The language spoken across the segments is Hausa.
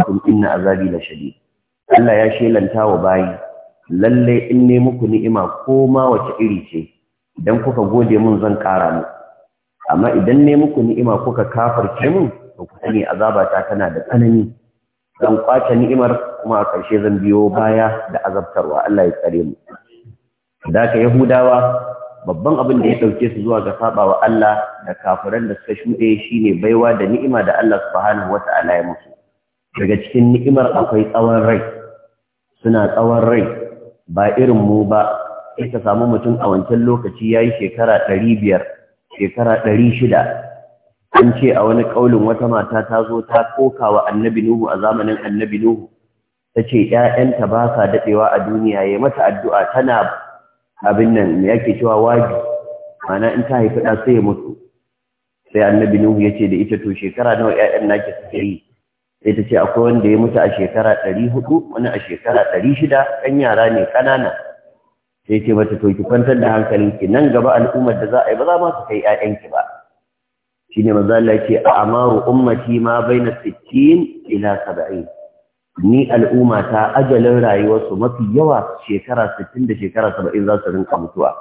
lakum inna azabi la shadid Allah ya shelanta wa bayi lalle in ne muku ni'ima ko ma wace iri ce idan kuka gode mun zan kara mu amma idan ne muku ni'ima kuka kafarce mun to ku sani azaba ta kana da tsanani zan kwace ni'imar kuma a karshe zan biyo baya da azabtarwa Allah ya tsare mu da ka yahudawa babban abin da ya dauke su zuwa ga saba Allah da kafiran da suka shuɗe shine baiwa da ni'ima da Allah subhanahu wata'ala ya musu daga cikin ni'imar akwai tsawon rai suna tsawon rai ba irin mu ba sai ka samu mutum a wancan lokaci ya yi shekara ɗari biyar shekara ɗari shida an ce a wani ƙaulin wata mata ta zo ta koka wa annabi nuhu a zamanin annabi nuhu ta ce ‘ya'yanta ba sa daɗewa a duniya ya mata addu'a tana abin nan me yake cewa wabi mana in ta haifi ɗa sai ya mutu sai annabi nuhu ya ce da ita to shekara nawa ‘ya'yan naki suke yi ita ce akwai wanda ya mutu a shekara ɗari hudu wani a shekara ɗari shida ɗan yara ne ƙanana sai ce mata to ki kwantar da hankalinki nan gaba al'ummar da za a yi ba za ma su kai ƴaƴanki ba shine manzo Allah ya a amaru ummati ma baina 60 ila 70 ni al'umma ta ajalin rayuwarsu mafi yawa shekara 60 da shekara 70 za su rinka mutuwa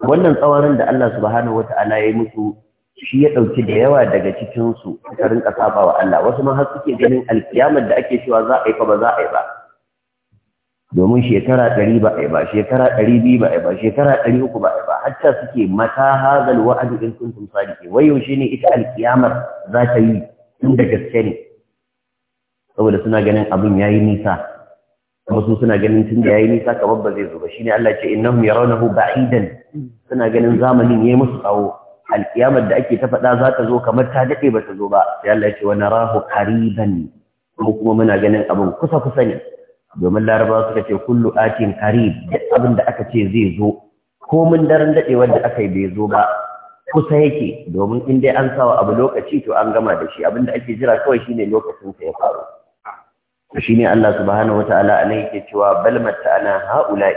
wannan tsawarin da Allah subhanahu wataala ya yi musu shi ya ɗauki da yawa daga cikinsu suka rinka saba wa Allah wasu ma har suke ganin alkiyamar da ake cewa za a yi fa ba za a yi ba domin shekara ɗari ba a yi ba shekara ɗari biyu ba a yi ba shekara ɗari uku ba a yi ba hatta suke mata hazal wa'adu in kuntum sadiqin wai yaushe ne ita alkiyamar za ta yi tun da gaske ne saboda suna ganin abin yayi nisa wasu suna ganin tun da yayi nisa kamar ba zai zo ba shine Allah ya ce innahum yarawnahu ba'idan suna ganin zamanin yayi musu tsawo alƙiyamar da ake ta faɗa za ta zo kamar ta daɗe ba ta zo ba sai Allah ya ce wa narahu qariban ko kuma muna ganin abin kusa kusa ne domin larabawa suka ce kullu atin qarib duk abin da aka ce zai zo ko mun daren daɗe wanda aka yi bai zo ba kusa yake domin in dai an sawa abu lokaci to an gama da shi abin da ake jira kawai shine lokacin sa ya faru shi ne Allah subhanahu wata'ala anan yake cewa bal matta'ana ha'ula'i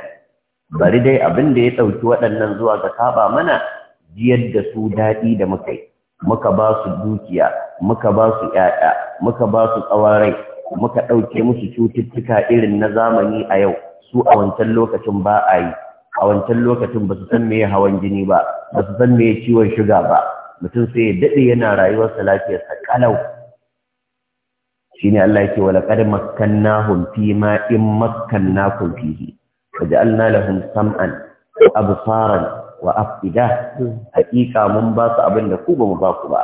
bari dai abin da ya ɗauki waɗannan zuwa ga saba mana jiyar da su daɗi da muka yi muka ba su dukiya muka ba su ƴaƴa muka ba su tsawarai muka ɗauke musu cututtuka irin na zamani a yau su a wancan lokacin ba a yi a wancan lokacin ba su san meye hawan jini ba ba su san ya ciwon shuga ba mutum sai ya daɗe yana rayuwarsa lafiyarsa kalau shine Allah yake wala qad makkannahum fi ma in makkannakum fihi waja'alna lahum sam'an absaran wa afida hmm. hakika mun ba su abin da ku ba mu ba ku ba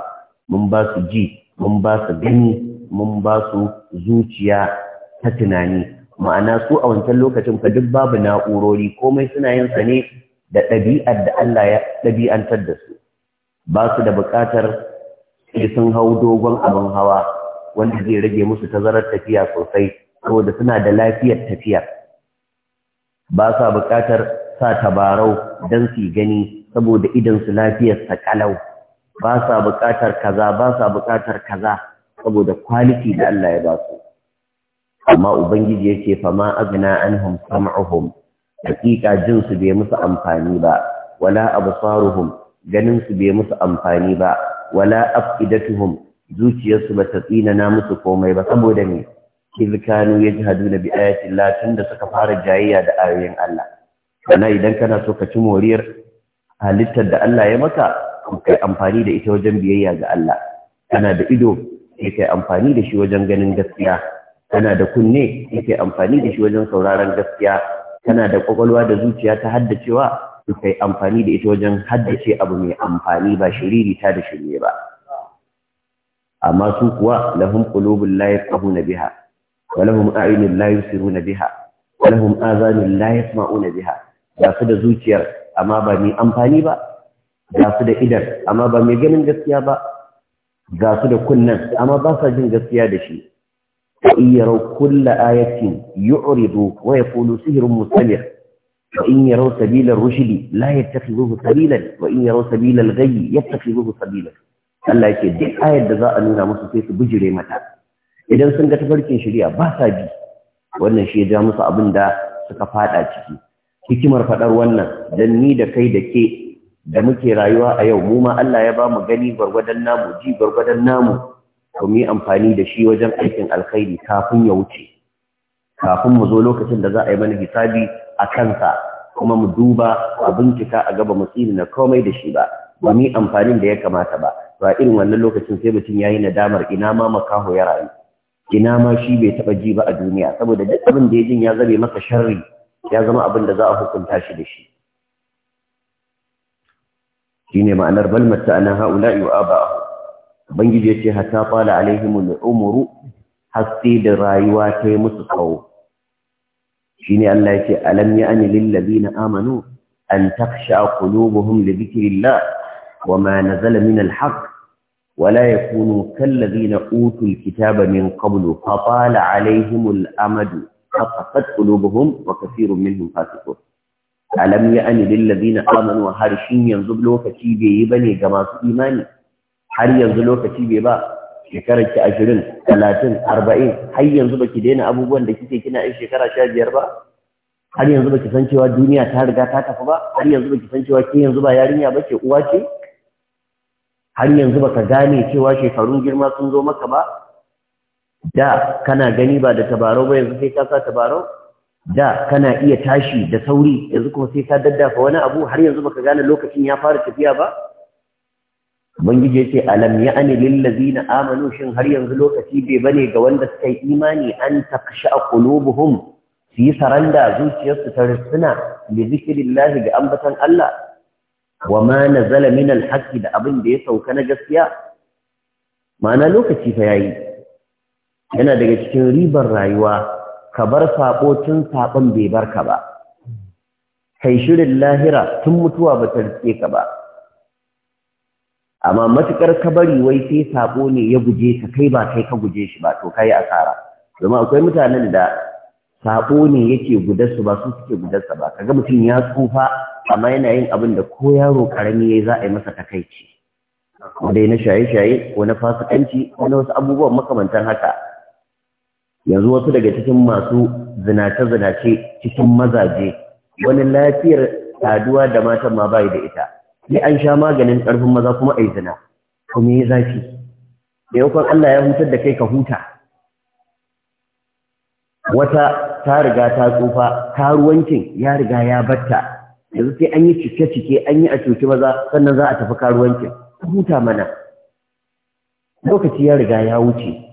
mun ba su ji mun ba su gani mun ba su zuciya ta tunani ma'ana su a wancan lokacin fa duk babu na'urori komai suna yin sa ne da ɗabi'ar da Allah ya ɗabi'antar da su ba su da buƙatar sai sun hau dogon abin hawa wanda zai rage musu tazarar tafiya sosai saboda suna da lafiyar tafiya ba sa buƙatar sa tabarau don su gani saboda idan su lafiyar sa kalau ba sa buƙatar kaza ba sa buƙatar kaza saboda kwaliti da Allah ya ba su amma ubangiji yake fama agna anhum sam'uhum hakika jin su bai musu amfani ba wala absaruhum ganin su bai musu amfani ba wala afidatuhum zuciyarsu ba ta tsina na musu komai ba saboda ne kizkanu yajhaduna bi ayati Allah tunda suka fara jayayya da ayoyin Allah sannan idan kana so ka ci moriyar halittar da Allah ya maka kai amfani da ita wajen biyayya ga Allah kana da ido kai amfani da shi wajen ganin gaskiya kana da kunne sai kai amfani da shi wajen sauraron gaskiya kana da kwakwalwa da zuciya ta haddacewa kai amfani da ita wajen haddace abu mai amfani ba shiriri ta da shirye ba amma su kuwa lahum qulubul la yafqahuna biha wa lahum a'yunun la yusiruna biha wa lahum adhanun la yasma'una biha ga su da zuciyar amma ba mai amfani ba ga su da idan amma ba mai ganin gaskiya ba ga su da kunnan amma ba sa jin gaskiya da shi wa in yaraw kulla ayatin yu'ridu wa yaqulu sihrun mustamir wa in yaraw sabila ar la yattakhidhuhu sabilan wa in yaraw sabila al-ghayy yattakhidhuhu sabilan Allah yake duk ayar da za a nuna musu sai su bijire mata idan sun ga tafarkin shari'a ba sa bi wannan shi ya ja musu abin da suka fada ciki hikimar faɗar wannan dan ni da kai da ke da muke rayuwa a yau mu ma Allah ya ba mu gani gwargwadon namu ji gwargwadon namu to mu yi amfani da shi wajen aikin alkhairi kafin ya wuce kafin mu zo lokacin da za a yi mana hisabi a kansa kuma mu duba a bincika a gaba mu tsini na komai da shi ba ba mu yi amfanin da ya kamata ba Ba irin wannan lokacin sai mutum ya yi nadamar ina ma makaho ya rayu ina ma shi bai taɓa ji ba a duniya saboda duk abin da ya jin ya zabe maka sharri ya zama abin da za a hukunta shi da shi shine ma'anar bal matta'ana haula'i wa aba'ahu bangiji yace hatta qala alaihim umru haske da rayuwa ta yi musu tsawo shine Allah ya ce alam ani lillabi na amanu an takhsha qulubuhum li dhikrillah wama nazala min ya kunu ولا يكونوا كالذين أوتوا الكتاب من قبل فطال عليهم الأمد قد قلوبهم وكثير منهم فاسقون alam ya ani lillazina amanu har shin yanzu lokaci bai yi bane ga masu imani har yanzu lokaci bai ba shekarar ki 20 30 40 har yanzu baki daina abubuwan da kike kina yin shekara 15 ba har yanzu baki san cewa duniya ta riga ta tafi ba har yanzu baki san cewa ke yanzu ba yarinya ba ke uwa ce har yanzu baka gane cewa shekarun girma sun zo maka ba da kana gani ba da tabarau ba yanzu sai ka sa tabarau da kana iya tashi da sauri yanzu kuma sai ka daddafa wani abu har yanzu baka gane lokacin ya fara tafiya ba ubangiji yace alam ya'ni lil ladina amanu shin har yanzu lokaci bai bane ga wanda suka yi imani an taksha qulubuhum fi saranda zuciyarsu ta rusuna li zikrillahi ga ambatan Allah wa ma nazala min al da abin da ya sauka na gaskiya ma'ana lokaci fa yayi yana daga cikin ribar rayuwa ka bar saɓo tun saɓon bai bar ka ba kai shirin lahira tun mutuwa ba ta rike ka ba amma matukar ka bari wai sai saƙo ne ya guje ka kai ba kai ka guje shi ba to kai asara domin akwai mutanen da saƙo ne yake su ba su suke gudarsa ba kaga mutum ya tsufa amma yana yin abin da ko yaro karami yayi za a yi masa takaici ko dai na shaye-shaye ko na fasikanci ko na wasu abubuwan makamantan haka yanzu wasu daga cikin masu zinace-zinace cikin mazaje wani lafiyar saduwa da matan ma bai da ita sai an sha maganin ƙarfin maza kuma yi zina kuma yi zafi da yaukon Allah ya hutar da kai ka huta wata ta riga ta tsufa karuwancin ya riga ya batta yanzu sai an yi cike-cike an yi a cuci maza sannan za a tafi karuwancin huta mana lokaci ya riga ya wuce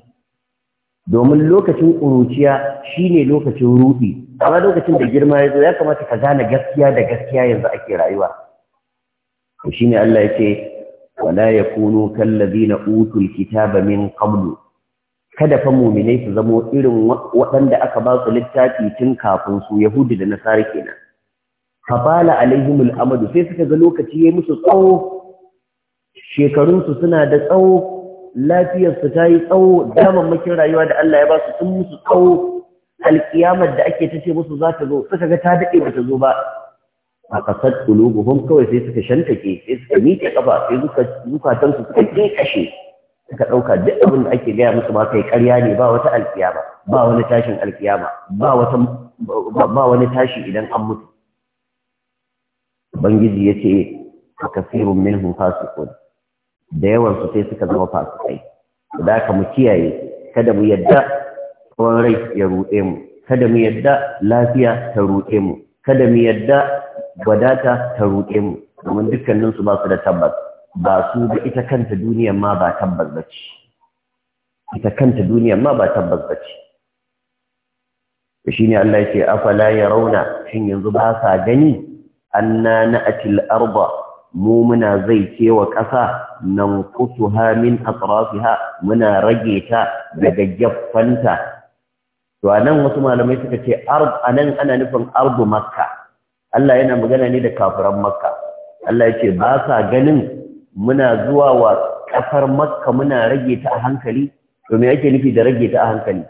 domin lokacin ƙuruciya shine lokacin ruɗi amma lokacin da girma ya zo ya kamata ka gane gaskiya da gaskiya yanzu ake rayuwa to shine Allah ce wala yakunu kallazina utul kitaba min qablu kada fa mu'minai su zamo irin waɗanda aka ba su littafi tun kafin su yahudi da nasara kenan bala alaihimul amadu sai suka ga lokaci yayi musu tsawo shekarunsu suna da tsawo lafiyarsu ta yi tsawo damammakin rayuwa da Allah ya ba su sun musu tsawo Alƙiyamar da ake ta ce musu za ta zo suka ga ta daɗe ba ta zo ba a ƙasar ƙulubuhun kawai sai suka shantake sai suka miƙe ƙafa sai zukatansu suka ke kashe suka ɗauka duk abin da ake gaya musu ba kai ƙarya ne ba wata alkiyama ba wani tashin alkiyama ba wata ba wani tashi idan an mutu ubangiji yace kasirun minhum fasiqun da yawan sai suka zama fasikai da aka mu kiyaye kada mu yadda tsawon rai ya ruɗe mu kada mu yadda lafiya ta ruɗe mu kada mu yadda wadata ta ruɗe mu domin dukkanin su ba su da tabbas ba su da ita kanta duniyar ma ba tabbas ba ce ita kanta duniyar ma ba tabbas ba ce shi ne Allah ya ce afala ya rauna shin yanzu ba sa gani anna na'atil arba mu muna zai wa ƙasa nan ha min atrafiha muna rage ta daga gyaffanta to anan wasu malamai suka ce ard anan ana nufin ardu makka Allah yana magana ne da kafiran makka Allah ce ba sa ganin muna zuwa wa ƙasar makka muna rage ta a hankali to me yake nufi da rage ta a hankali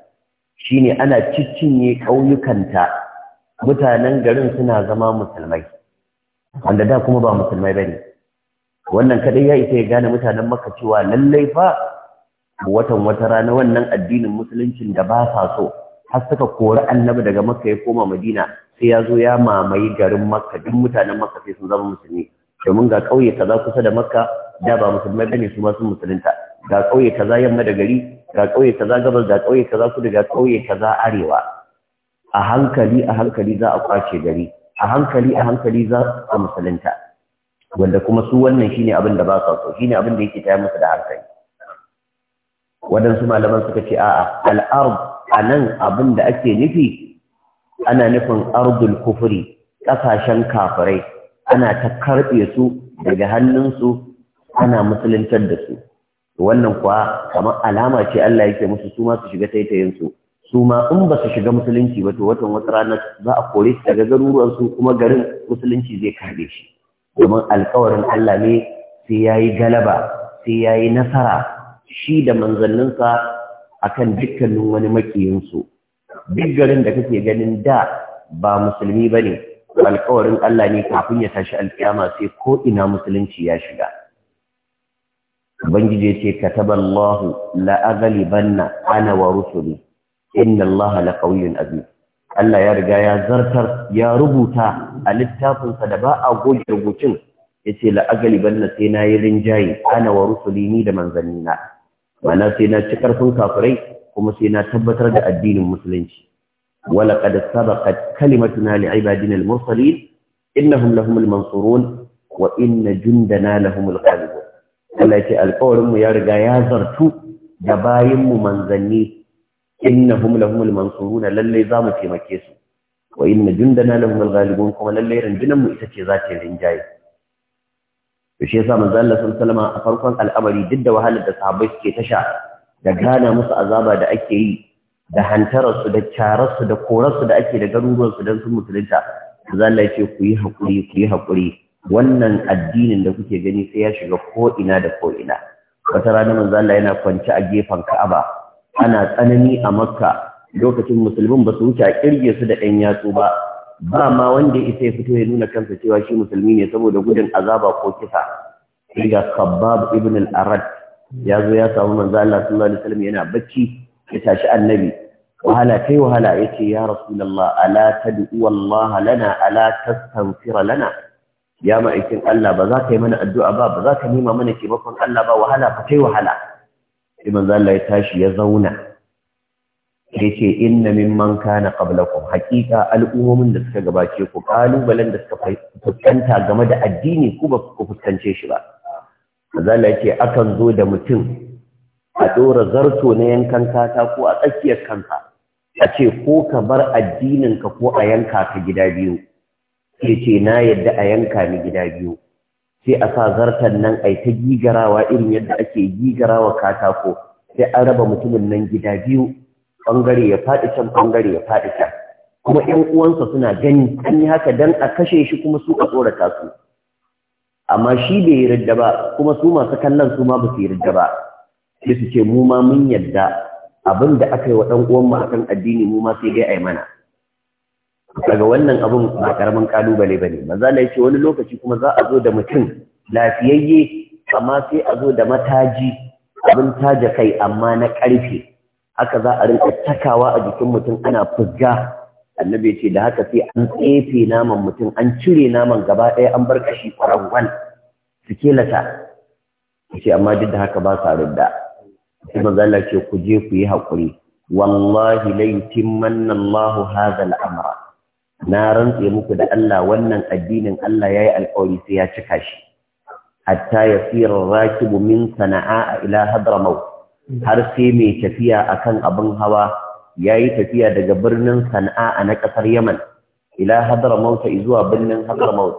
shine ana ciccinye ƙauyukanta mutanen garin suna zama musulmai wanda da kuma ba musulmai bane wannan kadai ya isa ya gane mutanen Makka cewa lallai fa watan wata rana wannan addinin musuluncin da ba sa so har suka kori annabi daga Makka ya koma Madina sai ya zo ya mamaye garin Makka duk mutanen Makka sai sun zama musulmi domin ga kauye kaza kusa da Makka da ba musulmai bane su ma sun musulunta ga kauye kaza yamma da gari ga kauye kaza gabas ga kauye kaza kudu ga kauye kaza arewa a hankali a hankali za a kwace gari a hankali a hankali za a musulunta wanda kuma su wannan shine abin da ba sa so shine abin da yake taya musu da hankali waɗansu malaman suka ce a'a al'arb a nan abin da ake nufi ana nufin ardul kufuri ƙasashen kafirai ana ta karɓe su daga hannunsu ana musuluntar da su wannan kuwa kamar alama ce Allah yake musu su ma su shiga taitayinsu su ma in ba su shiga musulunci ba to watan wata rana za a kore su daga garuruwan su kuma garin musulunci zai kare shi domin alkawarin Allah ne sai ya galaba sai yayi nasara shi da manzanninsa akan dukkanin wani makiyinsu duk garin da kake ganin da ba musulmi ba ne alkawarin Allah ne kafin ya tashi alkiyama sai ko ina musulunci ya shiga ubangiji ya ce kataballahu la'azali aghlibanna ana wa rusuli inna Allah la qawiyyun aziz Allah ya riga ya zartar ya rubuta a littafinsa da ba a goge rubucin yace la agaliban na sai na yi rinjaye ana wa rusuli ni da manzannina ma'ana sai na ci karfin kafirai kuma sai na tabbatar da addinin musulunci wala qad sabaqat kalimatuna li ibadina al-mursalin innahum lahumul mansurun wa inna jundana lahumul ghalibun Allah ya ce alƙawarin mu ya riga ya zartu da bayin mu manzanni innahum lahumul mansuruna lallai za mu taimake su wa inna jundana lahumul ghalibun kuma lallai rundunar mu ita ce za ta rinjaye to shi yasa manzo Allah sallallahu a farkon al'amari duk da wahalar da sahabbai suke tasha da gana musu azaba da ake yi da hantarar su da carar su da korar su da ake da garuruwan su dan sun musulunta manzo Allah ce ku yi hakuri ku yi hakuri wannan addinin da kuke gani sai ya shiga ko ina da ko ina wata rana manzo Allah yana kwance a gefen Ka'aba ana tsanani a makka lokacin musulmin ba su wuce a kirge su da ɗan yatsu ba ba ma wanda isa ya fito ya nuna kansa cewa shi musulmi ne saboda gudun azaba ko kisa sai ga kabbab ibn al-arad ya zo ya samu manzo Allah sallallahu alaihi wasallam yana bacci ya tashi annabi wahala kai wahala yace ya rasulullah ala tad'u wallaha lana ala tastaghfir lana ya ma'aikin Allah ba za ka yi mana addu'a ba ba za ka nima mana taimakon Allah ba wahala fa kai wahala Ibn manzo ya tashi ya zauna yace inna mimman kana qablakum Haƙiƙa al'ummomin da suka gabace ku ƙalubalen da suka fuskanta game da addini ku ba ku fuskance shi ba manzo yace akan zo da mutum a ɗora zarto na yankan kata ko a tsakiyar kanka a ce ko ka bar addinin ka ko a yanka ka gida biyu yace na yadda a yanka ni gida biyu sai a sa zartan nan a yi ta gigarawa irin yadda ake gigarawa katako sai an raba mutumin nan gida biyu bangare ya faɗi can bangare ya faɗi can kuma ƴan uwansa suna gani an yi haka dan a kashe shi kuma su a tsorata su amma shi bai yi ridda ba kuma su masu kallon su ma ba su ridda ba sai su ce mu ma mun yadda. abin da aka yi wa ɗan uwanmu akan addini mu ma sai dai a yi mana daga wannan abun ba karamin kalubale bane manzo Allah yace wani lokaci kuma za a zo da mutum lafiyayye amma sai a zo da mataji abin taje kai amma na karfe haka za a rinka takawa a jikin mutum ana fuzga annabi ce da haka sai an tsefe naman mutum an cire naman gaba ɗaya an bar kashi kwarangwan sikelata ce amma duk da haka ba sa rudda sai manzo ce ku je ku yi hakuri wallahi la yutimmanna Allahu hadha al-amra na rantse muku da Allah wannan addinin Allah ya yi alƙawari sai ya cika shi hatta ya tsira rakibu min sana'a ila hadramau har sai mai tafiya a kan abin hawa ya yi tafiya daga birnin sana'a a na ƙasar yaman ila ta zuwa birnin hadramau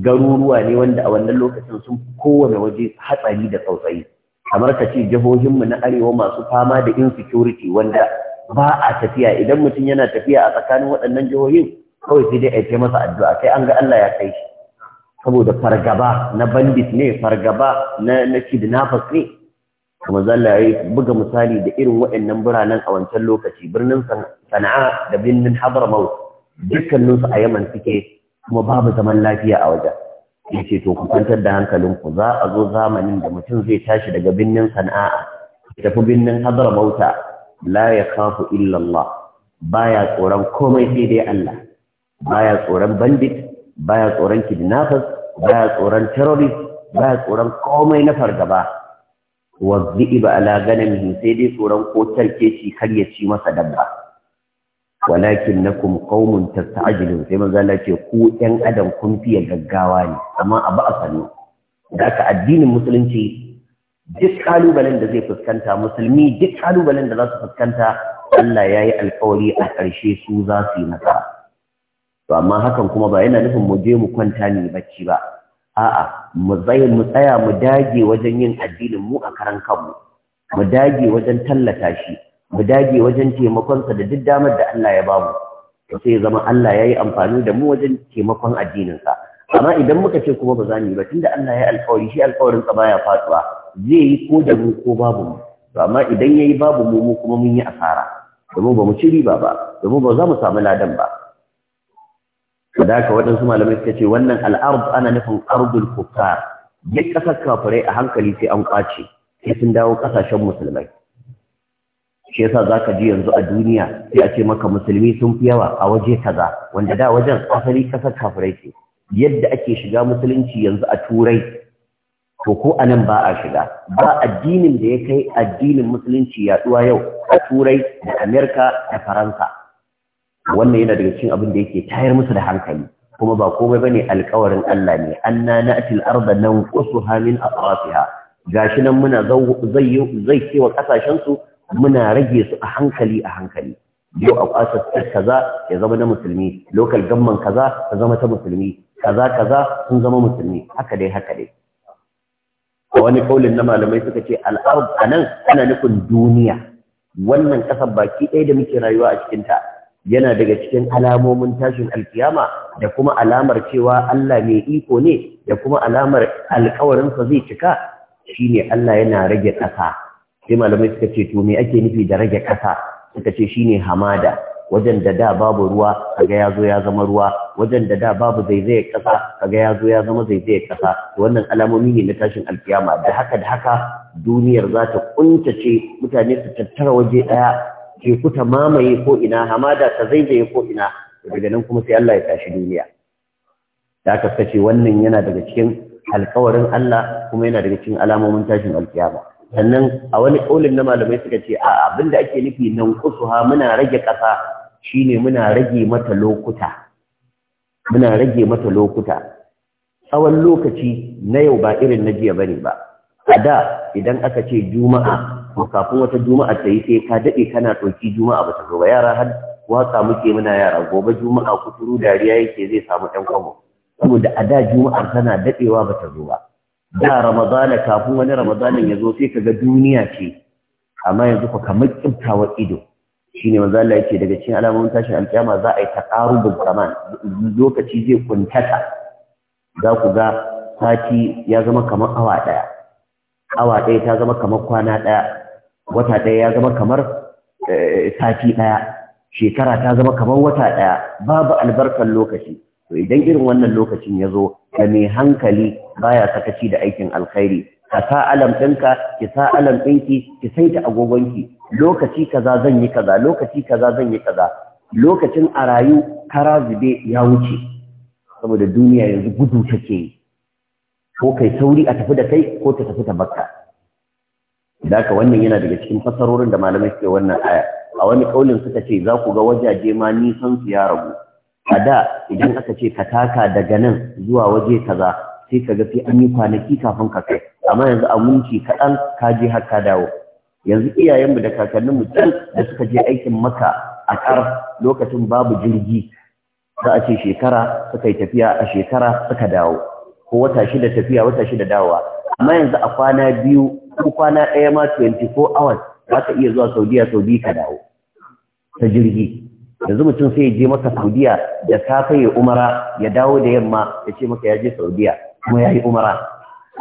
garuruwa ne wanda a wannan lokacin sun kowane waje hatsari da tsautsayi kamar ka ce jihohinmu na arewa masu fama da insecurity wanda ba a tafiya idan mutum yana tafiya a tsakanin waɗannan jihohin kawai sai dai aike masa addu'a kai, an ga Allah ya kai shi saboda fargaba na bandit ne fargaba na na kidnappers ne kuma zalla buga misali da irin waɗannan biranen a wancan lokaci birnin sana'a da birnin hadramaut dukkaninsu a yaman suke kuma babu zaman lafiya a wajen yace to ku kwantar da hankalinku za a zo zamanin da mutum zai tashi daga birnin sana'a tafi birnin hadramaut la ya illa Allah baya tsoron komai sai dai Allah baya tsoron bandit baya tsoron kidnappers baya tsoron terrorist baya tsoron komai na fargaba wa dhiba ala ganamihi sai dai tsoron ko tarke shi kar ya ci masa dabba walakinnakum qaumun ta'ajilin, sai manzo Allah ce ku yan adam kun fiye gaggawa ne amma abu a sani da aka addinin musulunci duk kalubalen da zai fuskanta musulmi duk kalubalen da za su fuskanta Allah ya yi alkawari a ƙarshe su za su yi nasara to amma hakan kuma ba yana nufin mu je mu kwanta ne bacci ba a'a mu tsaya mu tsaya mu dage wajen yin addinin mu a karan kanmu mu dage wajen tallata shi mu dage wajen sa da duk damar da Allah ya bamu to sai zama Allah ya yi amfani da mu wajen taimakon addininsa amma idan muka ce kuma ba za mu yi ba tunda Allah ya alƙawari, shi alkawarin sa baya faduwa zai yi ko da mu ko babu mu to amma idan yayi babu mu mu kuma mun yi asara domin ba mu ci riba ba domin ba za mu samu ladan ba da haka waɗansu malamai suka ce wannan al'ard ana nufin ardul kufar duk ƙasar kafirai a hankali sai an kwace sai sun dawo ƙasashen musulmai shi yasa zaka ji yanzu a duniya sai a ce maka musulmi sun fi yawa a waje kaza wanda da wajen asali ƙasar kafirai ce yadda ake shiga musulunci yanzu a turai to ko a nan ba a shiga ba addinin da ya kai addinin musulunci yaɗuwa yau a turai da amerika da faransa wannan yana daga cikin abin da yake tayar musu da hankali kuma ba komai bane alƙawarin Allah ne anna na'til arda nanqusuha min atrafiha gashi nan muna zai zai kewa kasashen su muna rage su a hankali a hankali yau a ƙasar kaza ya zama na musulmi local gamman kaza ta zama ta musulmi kaza kaza sun zama musulmi haka dai haka dai a wani kaulin na malamai suka ce a anan ana nufin duniya wannan ƙasa baki ɗaya da muke rayuwa a cikinta yana daga cikin alamomin tashin alkiyama da kuma alamar cewa Allah mai iko ne da kuma alamar sa zai cika shine Allah yana rage ƙasa sai malamai suka ce to me ake nufi da rage ƙasa suka ce shine hamada wajen da da babu ruwa kaga ya zo ya zama ruwa wajen da da babu zaizayar ƙasa kaga ya zo ya zama zaizayar ƙasa wannan alamomi ne na tashin alkiyama da haka da haka duniyar za ta kuntace mutane su tattara waje ɗaya teku ta mamaye ko ina hamada ta zaizaye ko ina daga nan kuma sai Allah ya tashi duniya da aka kace wannan yana daga cikin alƙawarin Allah kuma yana daga cikin alamomin tashin alƙiyama sannan a wani kaulin na malamai suka ce a abinda ake nufi nan ha muna rage ƙasa shine muna rage mata lokuta muna rage mata lokuta tsawon lokaci na yau ba irin na jiya bane ba a da idan aka ce juma'a kuma kafin wata juma'a ta yi sai ka daɗe kana ɗauki juma'a ba ta zo ba yara har waka muke muna yara gobe juma'a kuturu dariya yake zai samu ɗan kwamo saboda a da juma'ar tana daɗewa ba ta zo ba da ramadana kafin wani ramadanin ya zo sai ka ga duniya ce amma yanzu ka kamar kibtawar ido shine manzo Allah yake daga cikin alamomin tashin alƙiyama za a yi da zaman lokaci zai kuntata za ku ga sati ya zama kamar awa ɗaya awa ɗaya ta zama kamar kwana ɗaya wata ɗaya ya zama kamar eh, sati ɗaya shekara ta zama kamar wata ɗaya babu albarkar lokaci to idan irin wannan lokacin ya zo da mai hankali baya sakaci da aikin alkhairi ka sa alam ɗinka ki sa alam ɗinki ki saita agogonki lokaci kaza zan yi kaza lokaci kaza zan yi kaza lokacin a rayu kara zube ya wuce saboda duniya yanzu gudu take yi. ko kai sauri a tafi da kai ko ta tafi ta bakka da wannan yana daga cikin fasarorin da malamai suke wannan aya a wani kaulin suka ce za ku ga wajaje ma nisan su ya rabu a da idan aka ce ka taka daga nan zuwa waje kaza sai ka ga sai an yi kwanaki kafin ka kai amma yanzu a munci kaɗan ka je har ka dawo yanzu iyayenmu da kakanninmu can da suka je aikin maka a ƙar lokacin babu jirgi za a ce shekara suka yi tafiya a shekara suka dawo ko wata shida tafiya wata shida dawowa amma yanzu a kwana biyu ko kwana ɗaya ma 24 hours za ka iya zuwa saudiya sau biyu ka dawo ta jirgi yanzu mutum sai ya je maka saudiya da safe ya umara ya dawo da yamma ya ce maka ya je saudiya kuma ya yi umara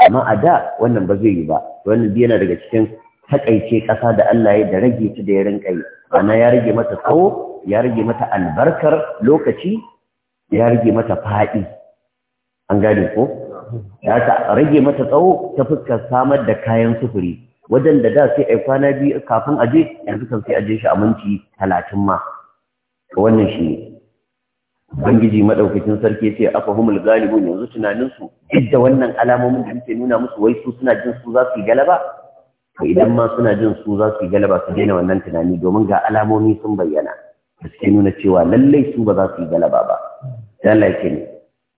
amma a da wannan ba zai yi ba wannan yana daga cikin takaice ƙasa da Allah ya da rage ta da ya rinka yi ana ya rage mata tsawo ya rage mata albarkar lokaci ya rage mata faɗi an gane ko ya ta rage mata tsawo ta fuskar samar da kayan sufuri wajen da da sai a kwana biyu kafin a je yanzu kan sai a je shi a minti talatin ma wannan shi ne Ubangiji madaukakin sarki ce afa humul galibu yanzu tunaninsu duk da wannan alamomin da muke nuna musu wai su suna jin su za su yi galaba to idan ma suna jin su za su yi galaba su daina wannan tunani domin ga alamomi sun bayyana da suke nuna cewa lallai su ba za su yi galaba ba dan laike ne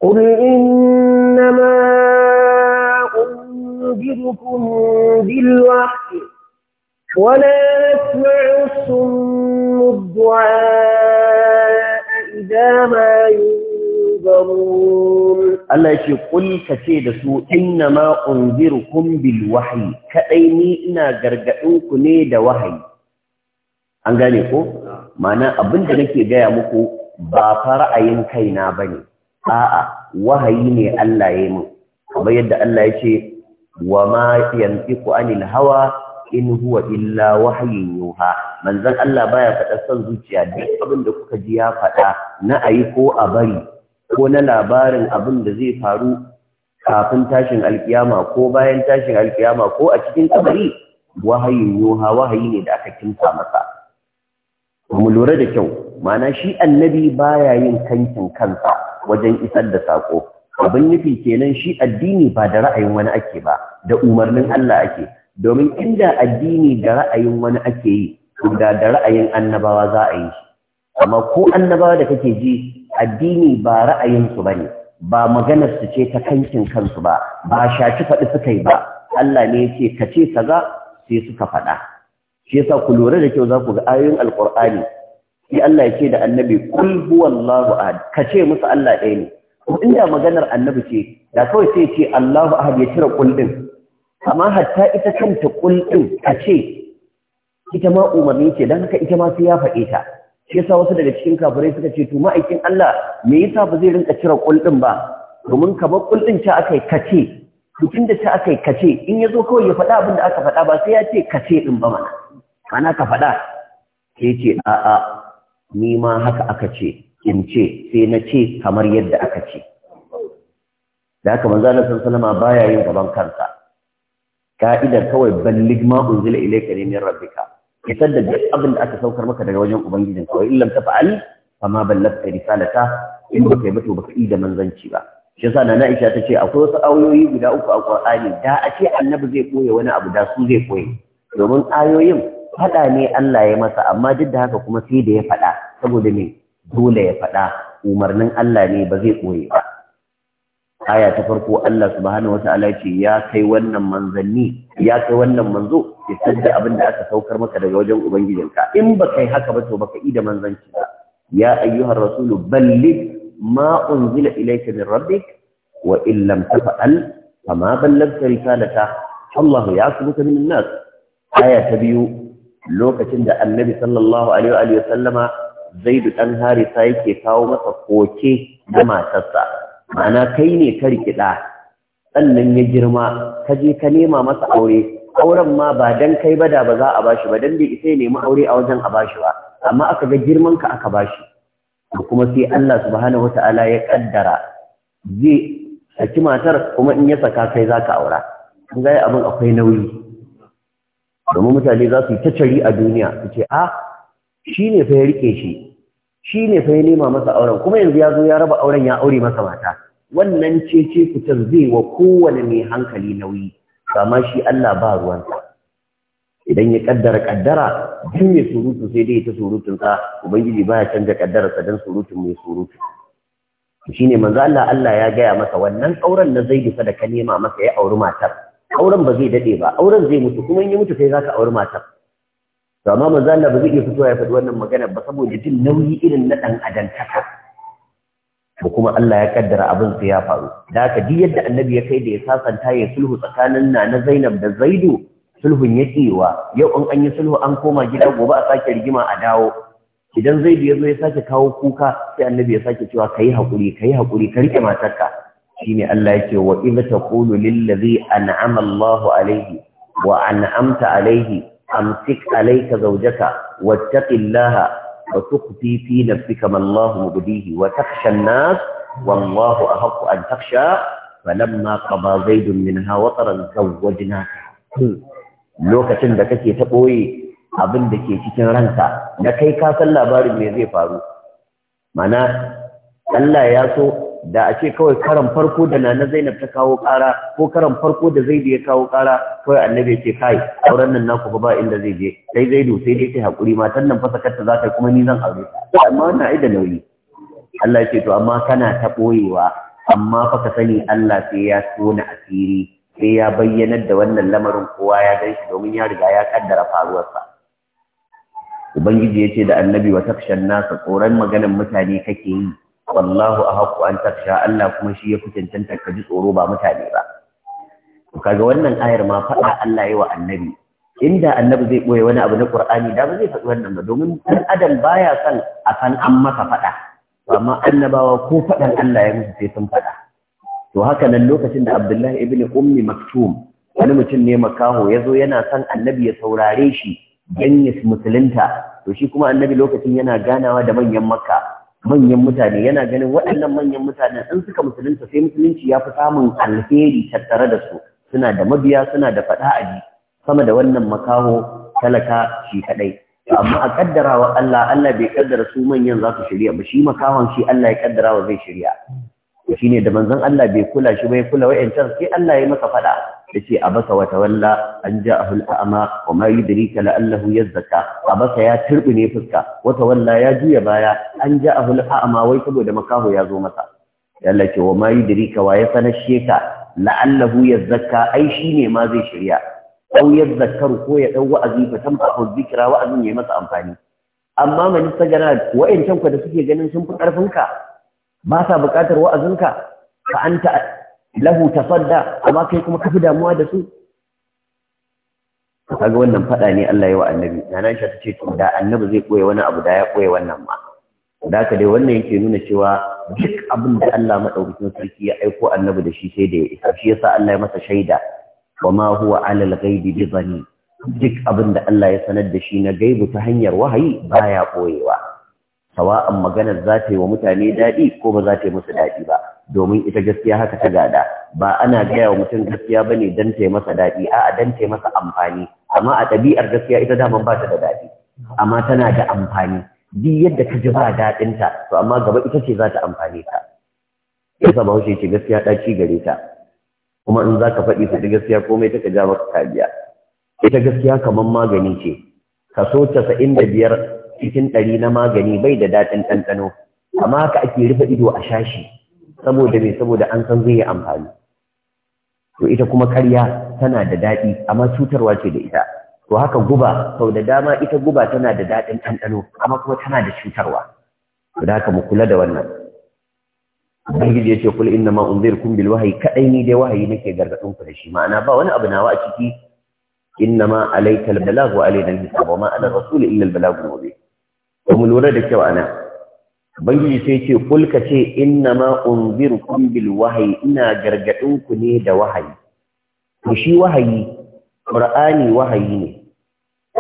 قل إنما أنذركم بالوحي ولا أسمع الصم الدعاء إذا ما ينذرون الله يقول قل كسيد سوء إنما أنذركم بالوحي كأيني إنا قرقعوك نيد وحي أنقاني قو معنى أبنت لكي جاء مكو ba fara'ayin kaina bane a'a wahayi ne Allah ya yi mu kamar yadda Allah ya ce wa ma yantiqu anil hawa in huwa illa wahayin yuha manzon Allah baya faɗa son zuciya duk abin da kuka ji ya faɗa na ayi ko a bari ko na labarin abin da zai faru kafin tashin alkiyama ko bayan tashin alkiyama ko a cikin kabari wahayin yuha wahayi ne da aka kinta masa mu lura da kyau mana shi annabi baya yin kankin kansa wajen isar da sako abin nufi kenan shi addini ba da ra'ayin wani ake ba da umarnin Allah ake domin inda addini da ra'ayin wani ake yi da da ra'ayin annabawa za a yi shi amma ko annabawa da kake ji addini ba ra'ayin su bane ba maganar su ce ta kankin kansu ba ba shaci faɗi suka yi ba Allah ne yake kace kaza sai suka faɗa shi yasa ku lura da kyau za ku ga ayoyin alqur'ani sai Allah ya ce da annabi kul huwallahu ahad ka ce musu Allah ɗaya ne ko inda maganar annabi ce da kawai sai ce Allahu ahad ya cire kul din amma hatta ita kanta kul din ka ce ita ma umarni ce dan haka ita ma sai ya faɗe ta shi yasa wasu daga cikin kafirai suka ce to ma'aikin Allah me yasa ba zai rinka cire kul din ba domin kamar kul din ta akai kace dukkan da ta akai kace in ya zo kawai ya faɗa abin da aka faɗa ba sai ya ce kace din ba mana ana ka faɗa Ke ce a'a ni ma haka aka ce in ce sai na ce kamar yadda aka ce da haka manzo Allah sallallahu baya yin gaban kansa ka'idar kawai ballig ma unzila ilayka ne min rabbika isar da duk abin da aka saukar maka daga wajen ubangijin kawai illam tafa'al ma ballagta risalata in baka yi mutu baka yi da manzanci ba shi yasa nana Aisha ta ce akwai wasu ayoyi guda uku a Qur'ani da a ce annabi zai koya wani abu da su zai koyi domin ayoyin faɗa ne Allah ya masa amma duk da haka kuma sai da ya faɗa saboda ne dole ya faɗa umarnin Allah ne ba zai koye ba aya ta farko Allah subhanahu wataala ce ya kai wannan manzanni ya kai wannan manzo ya sadda abin da aka saukar maka daga wajen ubangijinka in ba kai haka ba to baka yi da manzanci ba ya ayyuhar rasulu balli ma unzila ilayka min rabbik wa in lam tafa'al fama ballagta risalata Allah ya kubuka min nas aya ta biyu lokacin da annabi sallallahu alaihi wa sallama zaidu dan harisa yake kawo masa koke da matarsa ma'ana kai ne ka rikida sannan ya girma ka je ka nema masa aure auren ma ba dan kai bada ba za a bashi ba dan bai ita ya nemi aure a wajen a bashi ba amma aka ga girman ka aka bashi kuma sai Allah subhanahu wata'ala ya kaddara zai saki matar kuma in ya saka kai zaka aura kun ga abin akwai nauyi domin mutane za su yi tacari a duniya su ce a ah, shi ne fa ya rike shi shi ne fa ya nema masa auren kuma yanzu ya zo ya raba auren ya aure masa mata wannan cece fitar zai wa kowane mai hankali nauyi kama shi Allah ba ruwansa idan ya ƙaddara kaddara duk mai surutu sai dai ta surutunsa ubangiji baya canza ƙaddararsa don surutun mai surutu shine manzo Allah Allah ya gaya masa wannan auren na zai fa da ka nema masa ya auri matar auren ba zai dade ba auren zai mutu kuma in ya mutu kai zaka auri matar to amma manzo Allah ba zai iya fito ya faɗi wannan magana ba saboda jin nauyi irin na dan adantaka ko kuma Allah ya kaddara abin sai ya faru da haka duk yadda annabi ya kai da ya sasanta ya sulhu tsakanin na na Zainab da Zaidu sulhun ya kewa yau in an yi sulhu an koma gida gobe a sake rigima a dawo idan Zaidu ya zo ya sake kawo kuka sai annabi ya sake cewa kai hakuri kai hakuri ka rike matarka shine Allah yake wa idza taqulu lil ladhi an'ama Allahu alayhi wa an'amta alayhi amsik alayka zawjaka wattaqillaha wa tuqti fi nafsika ma Allahu mubdihi wa takhsha an-nas wallahu ahaqqu an takhsha falamma qada zaidun minha wataran zawwajnaka lokacin da kake ta boye abin da ke cikin ranka na kai ka san labarin me zai faru mana Allah ya so da a ce kawai karan farko da nana zainab ta kawo kara ko karan farko da zaidu ya kawo kara kawai annabi ce kai auren nan naku ba inda zai je sai zaidu sai dai kai hakuri matan nan fa ta za ta kuma ni zan aure amma wannan ai nauyi Allah ce to amma kana ta boyewa amma fa ka sani Allah sai ya tona asiri sai ya bayyanar da wannan lamarin kowa ya gan shi domin ya riga ya kaddara faruwarsa Ubangiji ya ce da annabi wa takshan nasa tsoron maganan mutane kake yi wallahu a ahaqqu an taksha Allah kuma shi ya fi cancanta ka ji tsoro ba mutane ba kaga wannan ayar ma faɗa Allah yayi wa annabi inda annabi zai boye wani abu na Qur'ani da ba zai faɗi wannan ba domin ɗan adam baya son a san an masa faɗa amma annabawa ko faɗan Allah ya musu sai sun faɗa to haka nan lokacin da Abdullahi ibn Ummi Maktum wani mutum ne makaho ya zo yana son annabi ya saurare shi don ya musulunta to shi kuma annabi lokacin yana ganawa da manyan makka manyan mutane yana ganin waɗannan manyan mutane in suka musulunta sai musulunci ya fi samun alheri tattare da su suna da mabiya suna da faɗa ji sama da wannan makaho talaka shi kaɗai amma a kaddara wa Allah Allah bai kaddara su manyan za su shirya ba shi makahon shi Allah ya kaddara wa zai shirya Shi ne da manzon Allah bai kula shi bai kula wayancan sai Allah ya maka faɗa yace abasa wa tawalla an ja'ahu al'ama wa ma yudrika la'allahu yazzaka abasa ya turbine fuska wa tawalla ya juya baya an ja'ahu al'ama wai saboda makaho ya zo masa Allah ce wa ma yudrika wa ya sanar sheka la'allahu yazzaka ai shine ma zai shirya aw zakar ko ya dau wa'azi fa tanfa'u dhikra wa'azin yayi masa amfani amma man sagara wa'ancan da suke ganin sun fi karfin ka ba sa buƙatar wa'azinka fa anta lahu tafadda amma kai kuma kafi damuwa da su kaga wannan fada ne Allah ya wa annabi nana ta ce to da annabi zai koya wani abu da ya koya wannan ma da ka dai wannan yake nuna cewa duk abin da Allah madaukakin sarki ya aiko annabi da shi sai da ya isa shi yasa Allah ya masa shaida wa ma huwa ala al-ghaibi bi dhani duk abin da Allah ya sanar da shi na gaibu ta hanyar wahayi baya koyewa sawa'an maganar za ta yi wa mutane daɗi ko ba za ta yi musu daɗi ba domin ita gaskiya haka ta gada ba ana gaya wa mutum gaskiya ba ne don ta masa daɗi a'a don ta masa amfani amma a ɗabi'ar gaskiya ita daman ba ta da daɗi amma tana da amfani duk yadda ka ji ba daɗinta to amma gaba ita ce za ta amfani ka yasa bahaushe ce gaskiya ɗaci gare ta kuma in za ka faɗi faɗi gaskiya komai ta ka ja maka kariya ita gaskiya kamar magani ce kaso casa'in da biyar cikin ɗari na magani bai da daɗin ɗanɗano amma haka ake rufe ido a shashi saboda me saboda an san zai yi amfani to ita kuma karya tana da daɗi amma cutarwa ce da ita to haka guba sau da dama ita guba tana da daɗin ɗanɗano amma kuma tana da cutarwa to da haka mu kula da wannan ubangiji ya ce kul inna ma unzirkum bil wahyi kadai ni dai wahayi nake gargadin ku da shi ma'ana ba wani abu nawa a ciki inna ma alaykal balagh wa alayna al hisab wa ma ala rasul illa al balagh mubin to mu lura da kyau ana Bangiji sai ce kulka ce inna ma unzir bil wahayi ina gargadin ku ne da wahayi. To shi wahayi ƙur'ani wahayi ne.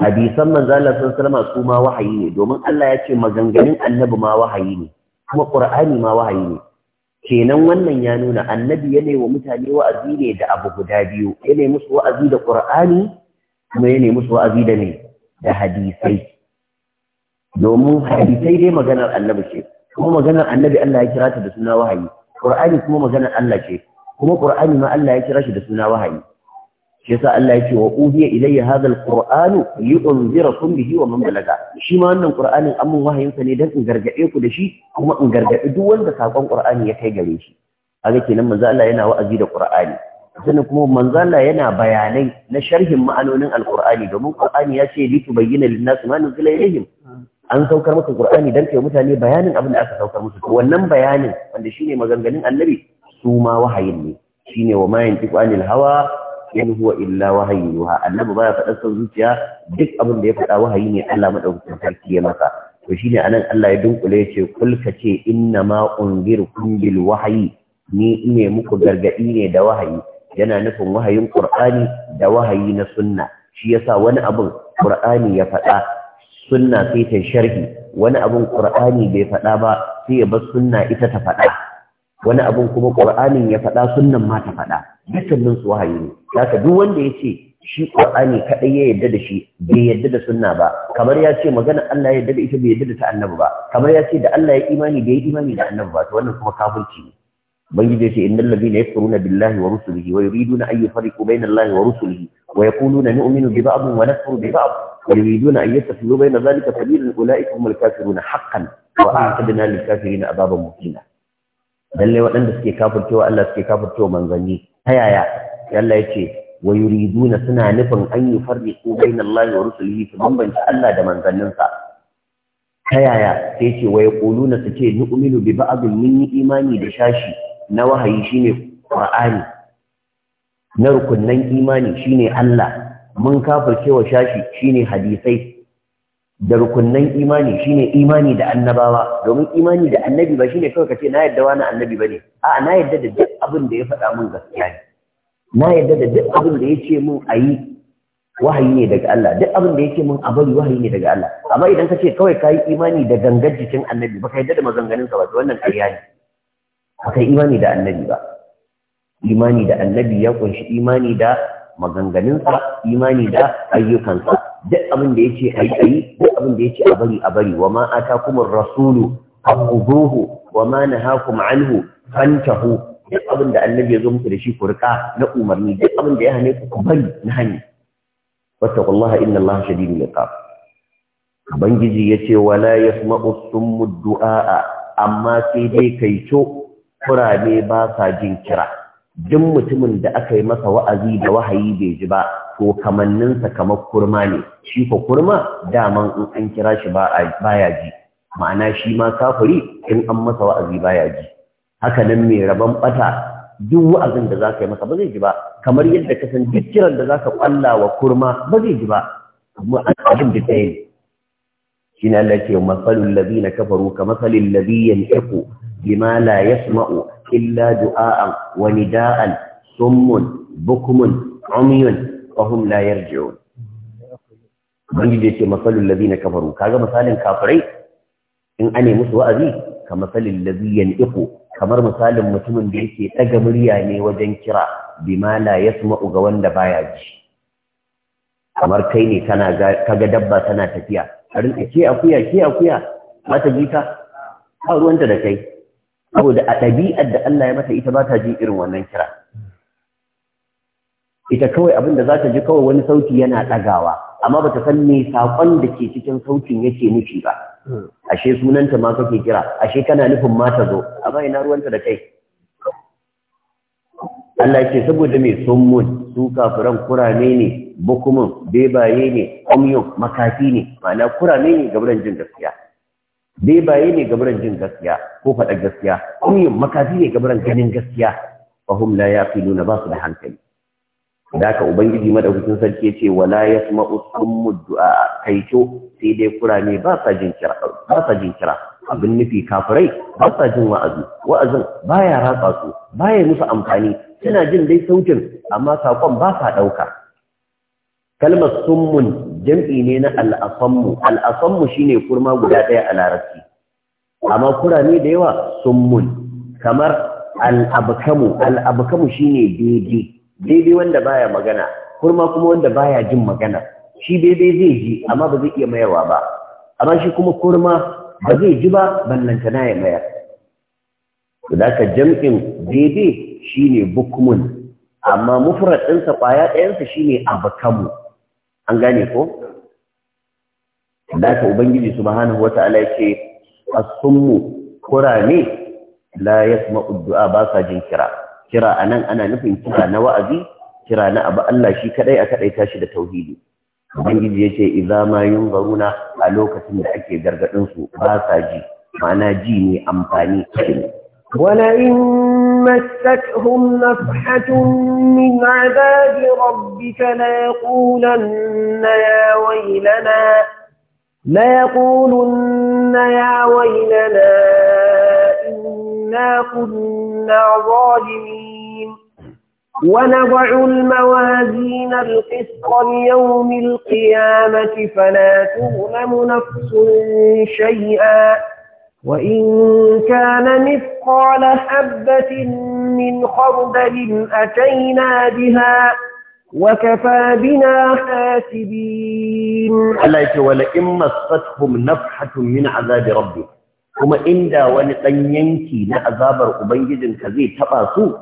Hadisan manzo Allah sallallahu su ma wahayi ne domin Allah ya ce maganganun annabi ma wahayi ne kuma ƙur'ani ma wahayi ne. Kenan wannan ya nuna annabi yana wa mutane wa'azi ne da abu guda biyu, yana musu wa'azi da ƙur'ani, kuma yana musu wa'azi da ne da hadisai. domin hadisai dai maganar annabi ce kuma maganar annabi Allah ya kira ta da suna wahayi qur'ani kuma maganar Allah ce kuma qur'ani ma Allah ya kira shi da suna wahayi shi yasa Allah ya ce wa uhiya ilayya hadha alquran liunzirakum bihi wa man balaga shi ma wannan Kur'anin an mun wahayin sa ne dan in gargade ku da shi kuma in gargade duk wanda sakon qur'ani ya kai gare shi kaga kenan manzo Allah yana wa'azi da qur'ani sannan kuma manzo Allah yana bayanai na sharhin ma'anonin alqur'ani domin qur'ani ya ce litubayyana lin-nasi ma nuzila ilayhim an saukar maka qur'ani dan kai mutane bayanin abin da aka saukar musu to wannan bayanin wanda shine maganganun annabi su ma wahayin ne shine wa mayin yantiqu hawa in huwa illa wahayi yuha annabi baya faɗa son zuciya duk abin da ya faɗa wahayi ne Allah madaukakin sarki ya masa to shine anan Allah ya dunkule ya ce kul ce inna ma unzirukum bil wahayi ni ne muku gargadi ne da wahayi yana nufin wahayin qur'ani da wahayi na sunna shi yasa wani abin qur'ani ya faɗa sunna sai ta sharhi wani abun qur'ani bai faɗa ba sai ya bar sunna ita ta faɗa wani abun kuma qur'anin ya faɗa sunnan ma ta faɗa dukkanin su wahayi ne haka duk wanda ya ce shi qur'ani kadai ya yadda da shi bai yadda da sunna ba kamar ya ce magana Allah ya yadda da ita bai yadda da ta annabi ba kamar ya ce da Allah ya imani bai imani da annabi ba to wannan kuma kafirci ne ubangiji yace innal ladina yakfuruna billahi wa rusulihi wa yuriduna an yufarriqu bayna allahi wa rusulihi wa yaquluna nu'minu bi ba'd wa nakfuru bi ba'd ويريدون أن يتخذوا بين ذلك سبيلا أولئك هم الكافرون حقا وأعتدنا للكافرين أبابا مهينا lalle waɗanda suke kafircewa Allah suke kafircewa manzanni ta yaya Allah ya ce wa yuriduna suna nufin an yi farriqu bainallahi wa rusulihi su bambance Allah da manzanninsa ta yaya sai ce wa na su ce nu'minu bi mun yi imani da shashi na wahayi shine qur'ani na rukunnan imani shine Allah mun kafirce wa shashi shine hadisai da rukunnan imani shine imani da annabawa domin imani da annabi ba shine kawai kace na yadda wani annabi bane a na yadda da duk abin da ya faɗa mun gaskiya ne na yadda da duk abin da yace mun ayi wahayi ne daga Allah duk abin da yake mun a bari wahayi ne daga Allah amma idan kace kawai kai imani da gangar jikin annabi ba yadda da maganganun sa ba wannan ƙarya ne kai imani da annabi ba imani da annabi ya kunshi imani da maganganunsa imani da ayyukansa duk abin da yace a yi duk abin da yace a bari a bari wa ma atakumur rasulu faquduhu wa ma nahakum anhu fantahu duk abin da annabi ya zo muku da shi ku rika na umarni duk abin da ya hane ku ku bari na hani wattaqullaha inna allaha shadidul iqab ubangiji yace wala yasma'u summu du'a amma sai dai kai to kurame ba sa jin kira duk mutumin da aka yi masa wa'azi da wahayi bai ji ba to kamanninsa kamar kurma ne shi ko kurma daman in an kira shi ba baya ji ma'ana shi ma kafiri in an masa wa'azi baya ji haka nan mai rabon bata duk wa'azin da za ka yi masa ba zai ji ba kamar yadda ka san duk da za ka kwalla wa kurma ba zai ji ba amma an abin da ta yi shi ne Allah ce masalul ladina kafaru kamar masalil ladhi Eko, bima la yasma'u illa du'a'an wa nida'an summun bukmun umyun wa hum la yarji'un ubangiji ce masalul ladina kafaru kaga misalin kafirai in ane musu wa'azi ka masalin ladhi yanqu kamar misalin mutumin da yake daga murya ne wajen kira bima la yasma'u ga wanda baya ji kamar kai ne kana kaga dabba tana tafiya a ce akuya ce akuya mata ji ka ruwanta da kai saboda a ɗabi'ar da Allah ya mata ita ba ta jin irin wannan kira ita kawai abin da za ta ji kawai wani sauti yana ɗagawa amma ba ta san me sakon da ke cikin sautin yake nufi ba ashe sunanta ma kake kira ashe kana nufin ma ta zo amma ina ruwanta da kai Allah ce saboda me mun su kafiran kurame ne bukumin bebaye ne umyun makafi ne ma'ana kurame ne ga gaburan jin gaskiya baye ne gabaran jin gaskiya ko faɗa gaskiya umyin makafi ne gabaran ganin gaskiya fahum la nuna ba su da hankali da ka ubangiji madaukakin sarki yace wala yasma'u summu du'a kaito sai dai kurame ba sa jin kira ba sa jin kira abin nufi kafirai ba sa jin wa'azi wa'azin baya ratsa su baya musu amfani suna jin dai sautin amma sakon ba sa ɗauka kalmar summun jam'i ne na al'asammu al'asammu shine kurma guda ɗaya a larabci amma kurame da yawa summun kamar al'abkamu al'abkamu shine daidai daidai wanda baya magana kurma kuma wanda baya jin magana shi daidai zai ji amma ba zai iya mayarwa ba amma shi kuma kurma ba zai ji ba na ya mayar da ka jam'in daidai shine bukmun amma mufrad ɗinsa ƙwaya ɗayansa shine abkamu an gane ko da ubangiji subhanahu wata'ala yake as-summu kurane la yasma'u du'a ba sa jin kira kira anan ana nufin kira na wa'azi kira na abu Allah shi kadai a kadai tashi da tauhidi ubangiji yace idza ma yunzuruna a lokacin da ake gargadin su ba sa ji ma'ana ji ne amfani kai wala in مستهم نفحة من عذاب ربك يقولن يا ويلنا ليقولن يا ويلنا إنا كنا ظالمين ونضع الموازين القسط ليوم القيامة فلا تظلم نفس شيئا وإن كان مثقال حبة من خردل أتينا بها وكفى بنا حاسبين الله يقول ولئن مستهم نفحة من عذاب ربك kuma inda wani ɗan yanki na azabar ubangijin ka zai taɓa su,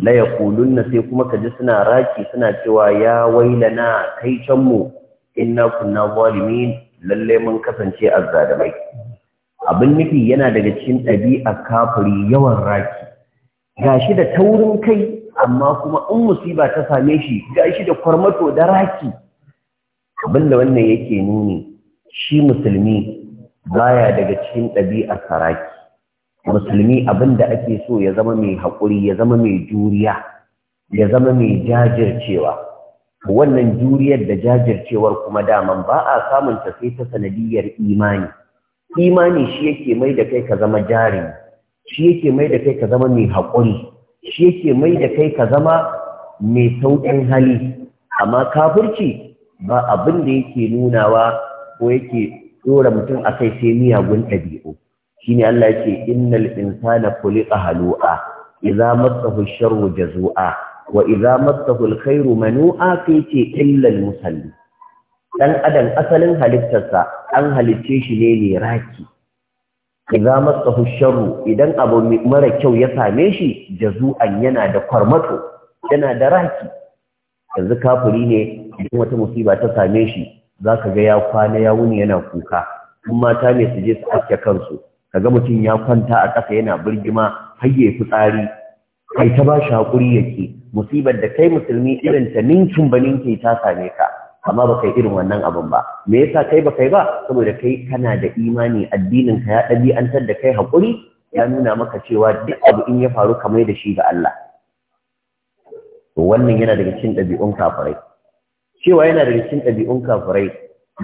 la ya kulunna sai kuma ka ji suna raki suna cewa ya wailana kai canmu, inna kunna zalimin lallai mun kasance azzalumai. abin nufi yana daga cikin ɗabi'a kafuri yawan raki gashi da taurin kai amma kuma in musiba ta same shi gashi da kwarmato da raki abin da wannan yake nuni shi musulmi baya daga cikin ɗabi'a saraki musulmi abin da ake so ya zama mai haƙuri ya zama mai juriya ya zama mai jajircewa wannan juriyar da jajircewar kuma daman ba a samunta sai ta sanadiyar imani imani shi yake mai da kai ka zama jari shi yake mai da kai ka zama mai haƙuri shi yake mai da kai ka zama mai sauƙin hali amma kafirci ba abin da yake nunawa ko yake ɗora mutum a kai sai miyagun ɗabi'u shine Allah ya ce innal insana khuliqa halu'a idza massahu sharru jazu'a wa idza massahu alkhairu manu'a kai ce illal almusalli dan adam asalin halittarsa an halicce shi ne ne raki idan masahu sharru idan abu mara kyau ya same shi jazu'an yana da kwarmato yana da raki yanzu kafuri ne idan wata musiba ta same shi zaka ga ya kwana ya wuni yana kuka kuma mata ne su je su aske kansu kaga mutum ya kwanta a ƙasa yana birgima har ya tsari. kai ta ba shi hakuri yake musibar da kai musulmi irin ta ninkin ba ninki ta same ka amma baka yi irin wannan abin ba me yasa kai ba kai ba saboda kai kana da imani addinin ka ya ɗabi'antar da kai haƙuri ya nuna maka cewa duk abu in ya faru kamar da shi ga Allah to wannan yana daga cikin ɗabi'un kafirai cewa yana daga cikin ɗabi'un kafirai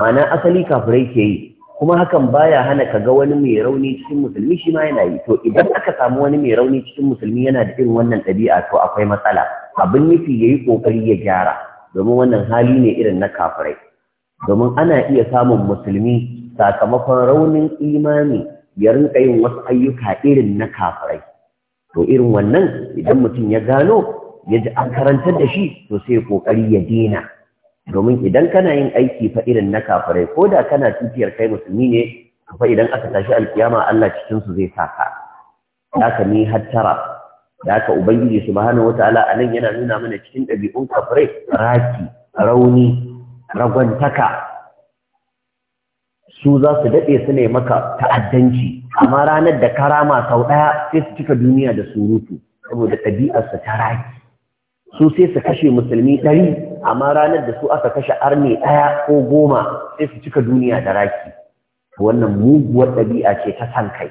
ma'ana asali kafirai ke yi kuma hakan baya hana ka ga wani mai rauni cikin musulmi shi ma yana yi to idan aka samu wani mai rauni cikin musulmi yana da irin wannan ɗabi'a to akwai matsala abin nufi yayi kokari ya gyara domin wannan hali ne irin na kafirai domin ana iya samun musulmi sakamakon raunin imani ya rinka yin wasu ayyuka irin na kafirai to irin wannan idan mutum ya gano ya ji an karantar da shi to sai kokari ya dena domin idan kana yin aiki fa irin na kafirai ko da kana tutiyar kai musulmi ne fa idan aka tashi alkiyama Allah cikin su zai saka haka ni hattara da haka ubangiji subhanahu wataala anan yana nuna mana cikin ɗabi'un kafirai raki rauni ragwantaka su za su daɗe su ne maka ta'addanci amma ranar da karama sau ɗaya sai su cika duniya da surutu saboda ɗabi'arsa ta raki su sai su kashe musulmi ɗari amma ranar da su aka kashe arne ɗaya ko goma sai su cika duniya da raki wannan muguwar ɗabi'a ce ta san kai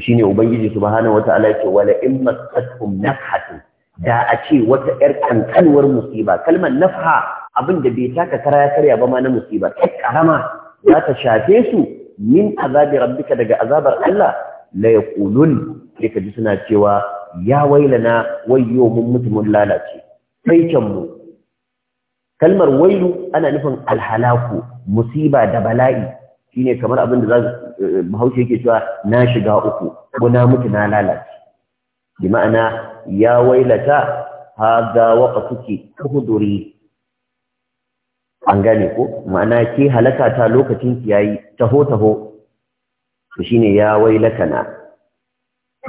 shine ubangiji subhanahu wataala yake wala in masatuhum nafhatun da a ce wata yar kankanwar musiba kalmar nafha abin da bai taka kara ya karya ba ma na musiba kai karama za ta shafe su min azabi rabbika daga azabar Allah la yaqulun sai ka ji suna cewa ya wailana wayyo mun mun lalace sai mu kalmar wailu ana nufin alhalaku musiba da bala'i shine kamar abin da za bahaushe yake cewa na shiga uku ko na mutu na lalace bi ma'ana ya wailata haga waqtuki huduri an gane ko ma'ana ke halaka ta lokacin ki yayi taho taho to shine ya na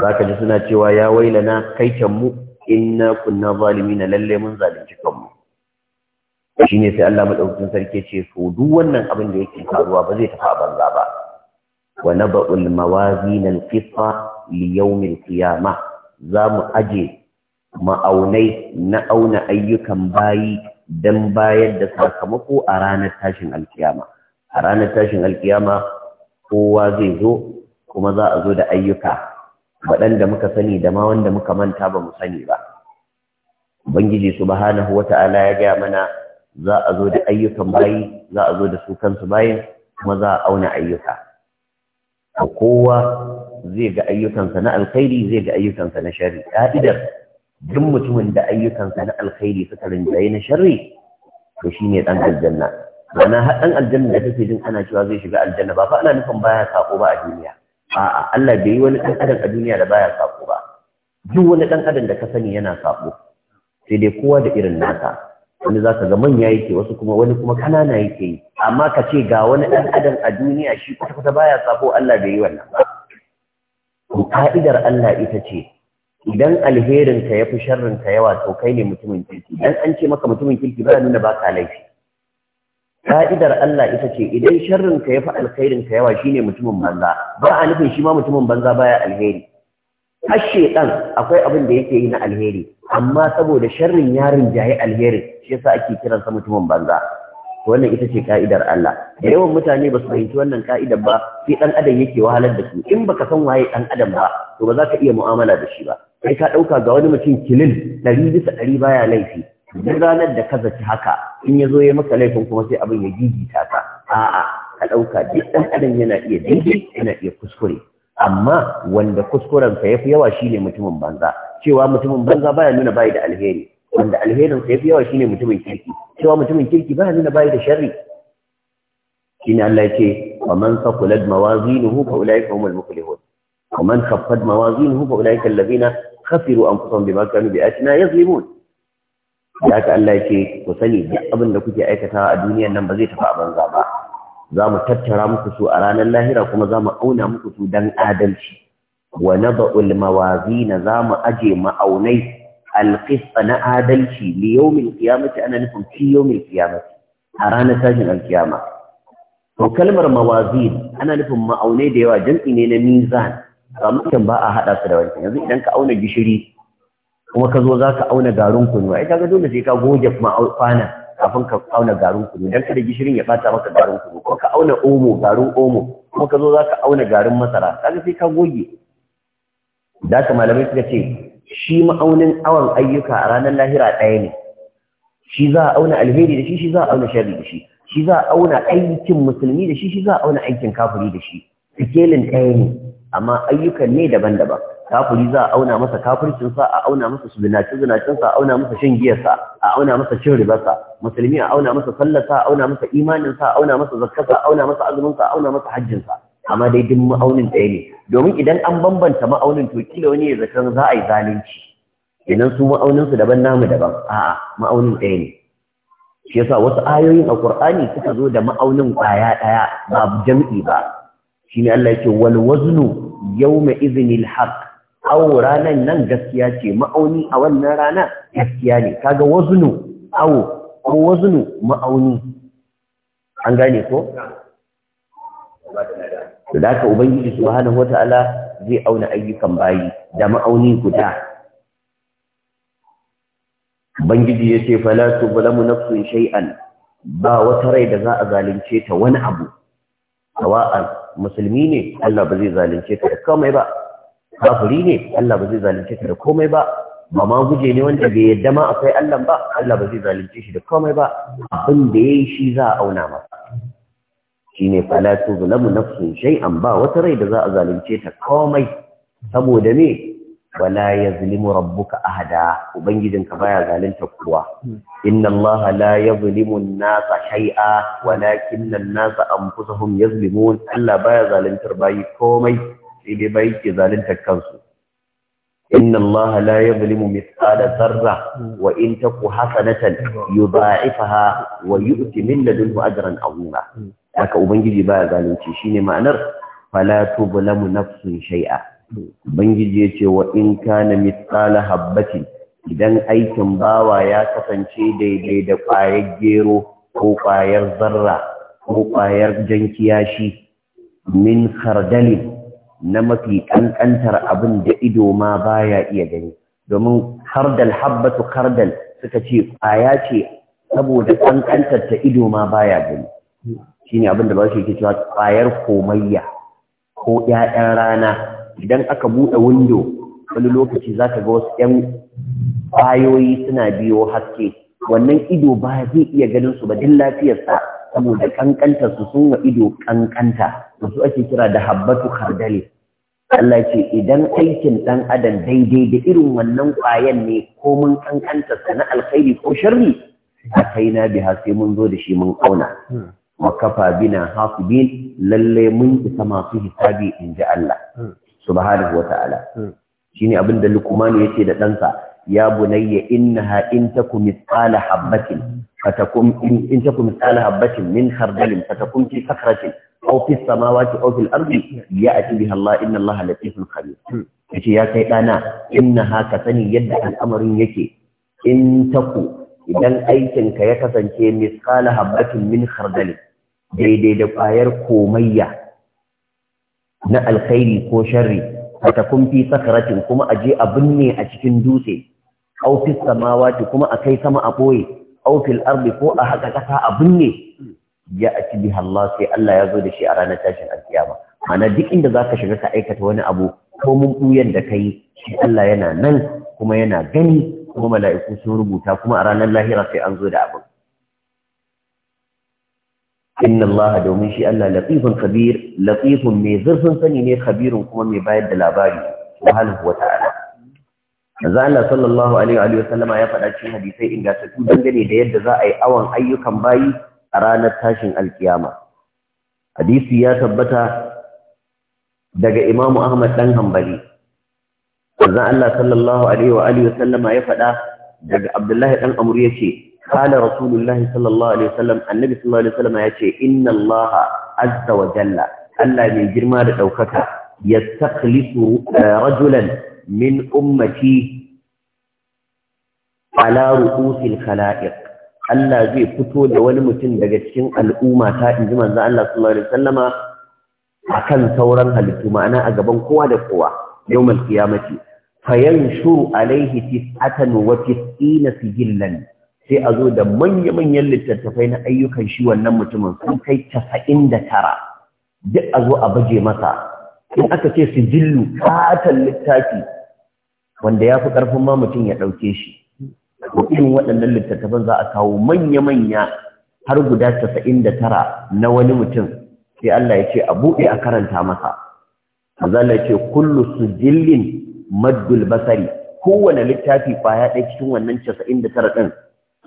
zaka ji suna cewa ya wailana kai can mu inna kunna zalimin lalle mun zalunci mu shine sai Allah madaukakin sarki ce to duk wannan abin da yake faruwa ba zai tafi a banza ba ونبأ الموازين القطة ليوم القيامة zamu أجي ma'aunai na auna ayyukan bayi don bayar da sakamako a ranar tashin alkiyama. A ranar tashin alkiyama kowa zai zo kuma za a zo da ayyuka waɗanda muka sani da ma wanda muka manta ba mu sani ba. Ubangiji subhanahu wata'ala ya gaya mana za a zo da ayyukan bayi, za a zo da su kansu bayin kuma za a auna ayyuka. kowa zai ga ayyukansa na alkhairi zai ga ayyukansa na sharri ka'idar duk mutumin da ayyukansa na alkhairi suka rinjaye na sharri to shine dan aljanna ma'ana har ɗan aljanna da kake jin ana cewa zai shiga aljanna ba fa ana nufin baya sako ba a duniya a'a Allah bai yi wani dan adam a duniya da baya sako ba duk wani dan adam da ka sani yana sako sai dai kowa da irin nasa wani za ka ga manya yake wasu kuma wani kuma kanana yake yi amma ka ce ga wani ɗan adam a duniya shi kwata-kwata baya sabo Allah bai yi wannan ba ka'idar Allah ita ce idan alherin ka yafi sharrin ka yawa to kai ne mutumin kirki dan an ce maka mutumin kirki ba nuna ba ka laifi ka'idar Allah ita ce idan sharrin ka yafi alkhairin ka yawa shine mutumin banza ba a nufin shi ma mutumin banza baya alheri har shedan akwai abin da yake yi na alheri amma saboda sharrin yarin jaye alherin shi yasa ake sa mutumin banza To wannan ita ce ka'idar Allah da yawan mutane ba su fahimci wannan ka'idar ba sai dan adam yake wahalar da su in baka san waye dan adam ba to ba za ka iya mu'amala da shi ba kai ka dauka ga wani mutum kilin 100 bisa 100 baya laifi duk ranar da ka zaci haka in ya zo maka laifin kuma sai abin ya gigita ka a'a ka dauka duk dan adam yana iya daidai yana iya kuskure amma wanda kuskuren kuskurensa yafi yawa shine mutumin banza cewa mutumin banza baya nuna bai da alheri wanda alherin sa yafi yawa shine mutumin kirki cewa mutumin kirki ba nuna bai da sharri shine Allah yake wa man saqulat mawazinuhu fa ulaika humul muflihun wa man khaffat mawazinuhu fa ulaika alladhina khafiru anfusahum bima kanu bi ayatina yazlimun da haka Allah ce ku sani duk abin da kuke aikatawa a duniyar nan ba zai tafi a banza ba za mu tattara muku su a ranar lahira kuma za mu auna muku su dan adalci wa nada'ul mawazina za mu aje ma'aunai alqista na adalci li yawmil qiyamati ana nufin fi yawmil qiyamati a ranar tashin alƙiyama to kalmar mawazin ana nufin ma'aunai da yawa jam'i ne na mizan amma ba a hada su da wancan yanzu idan ka auna gishiri kuma ka zo za ka auna garin kunu ai kaga dole sai ka goge kwana kafin ka auna garin kunu ka kada gishirin ya bata maka garin kunu ko ka auna omo garin omo kuma ka zo za ka auna garin masara kaga sai ka goge da ka malamai suka ce shi ma'aunin awon ayyuka a ranar lahira ɗaya ne shi za a auna alheri da shi shi za a auna sharri da shi shi za a auna aikin musulmi da shi shi za a auna aikin kafiri da shi sikelin ɗaya ne amma ayyukan ne daban-daban kafiri za a auna masa kafircin sa a auna masa zunacin zunacin sa a auna masa shan giyar sa a auna masa cin riba sa musulmi a auna masa sallar sa a auna masa imanin sa a auna masa zakkar sa a auna masa azumin sa a auna masa hajjin sa amma dai duk ma'aunin ɗaya ne domin idan an bambanta ma'aunin to kila wani ya zaton za a yi zalunci idan su ma'auninsu daban namu daban a ma'aunin ɗaya ne shi yasa wasu ayoyin a Qur'ani suka zo da ma'aunin ɗaya ɗaya ba jam'i ba shine Allah yake wal waznu yawma iznil haqq aw ranan nan gaskiya ce ma'auni a wannan rana gaskiya ne kaga waznu aw ko waznu ma'auni an gane ko to da ka ubangiji subhanahu wataala zai auna ayyukan bayi da ma'auni guda ubangiji ya ce tu zalamu nafsun shay'an ba wata rai da za a zalunce ta wani abu sawa'an musulmi ne Allah ba zai zalunce ta da komai ba kafiri ne Allah ba zai zalunce ta da komai ba ba guje ne wanda bai yadda ma akwai Allah ba Allah ba zai zalunce shi da komai ba abin da yayi shi za a auna masa shine Falatu tuzlamu nafsun shay'an ba wata rai da za a zalunce ta komai saboda me wala yazlimu rabbuka ahada ubangijinka baya zalunta kowa inna allaha la yazlimu an-nasa shay'a walakinna an-nasa anfusahum yazlimun Allah baya zaluntar bayi komai sai dai bayi ke zaluntar kansu inna allaha la yazlimu mithqala dharra wa in taku hasanatan yudha'ifaha wa yu'ti min ladunhu ajran 'azima haka ubangiji baya zalunci shine ma'anar fala tublamu nafsun shay'a ubangiji yace wa in kana mithqala habatin idan aikin bawa ya kasance daidai da kwayar gero ko ƙwayar zarra ko kwayar jan kiyashi min kardalin na mafi ƙanƙantar abin da ido ma baya iya gani domin kardal habbatu kardal suka ce kwaya ce saboda ƙanƙantar ta ido ma baya gani shine abin da ba shi yake cewa ƙwayar komayya ko ƴaƴan rana idan aka buɗe windo wani lokaci za ka ga wasu ƴan ƙwayoyi suna biyo haske wannan ido ba zai iya ganin su ba din lafiyarsa saboda ƙanƙanta su sun wa ido ƙanƙanta wasu ake kira da habbatu kardale Allah ce idan aikin ɗan adam daidai da irin wannan ƙwayan ne ko mun ƙanƙanta sa na alkhairi ko sharri a kai na biha sai mun zo da shi mun ƙauna hmm. wa kafa bina hasibin lalle mun isa masu hisabi in ji Allah hmm. subhanahu ta'ala. Hmm. shine abin da ya ce da ɗansa ya bunayya innaha in takum mithqala habatin fatakum in takum mithqala habatin min khardalin fatakum fi sakratin aw fi samawati aw fil ardi ya biha Allah inna Allah latifun khabir hmm. yace ya kai dana innaha ka sani yadda al'amarin yake in taku idan aikinka ya kasance misqala habatin min khardalin daidai da ƙwayar komayya na alkhairi ko sharri a takun fi sakaratin kuma a je a ne a cikin dutse au samawati kuma a kai sama a ɓoye, au arbi ko a haka ƙasa a binne ya a cibi Allah sai Allah ya zo da shi a ranar tashin alkiyama Mana duk inda ka shiga ka aikata wani abu ko mun ɓuyan da kai shi Allah yana nan kuma yana gani kuma mala'iku sun rubuta kuma a ranar lahira sai an zo da abin inna Allah domin shi Allah latifun kabir latifun mai zurfin sani ne khabirun kuma mai bayar da labari subhanahu wata'ala manzo Allah sallallahu alaihi wa sallama ya faɗa cikin hadisai ingantattu dangane da yadda za a yi awon ayyukan bayi a ranar tashin alkiyama hadisi ya tabbata daga Imam Ahmad dan Hanbali manzo Allah sallallahu alaihi wa sallama ya faɗa daga Abdullahi dan Amr ce. kala rasulullahi sallallahu alaihi wasallam annabi sallallahu alaihi wasallam ya ce inna allah azza wa allah mai girma da daukaka yastakhlifu rajulan min ummati ala ru'usi al-khalaiq allah zai fito da wani mutum daga cikin al'umma ta inji manzo allah akan sauran halittu ma'ana a gaban kowa da kowa yawmal qiyamati fayanshuru alaihi tis'atan wa tis'ina sijillan si sai a zo da manya-manyan littattafai na ayyukan shi wannan mutumin sun kai casa'in da tara duk a zo a baje masa in aka ce su jillu katon littafi wanda ya fi ƙarfin ma mutum ya ɗauke shi irin waɗannan littattafan za a kawo manya-manya har guda casa'in da tara na wani mutum sai Allah ya ce a buɗe a karanta masa Allah ce kullu jillin maddul basari kowane littafi kwaya ɗaya cikin wannan casa'in da tara ɗin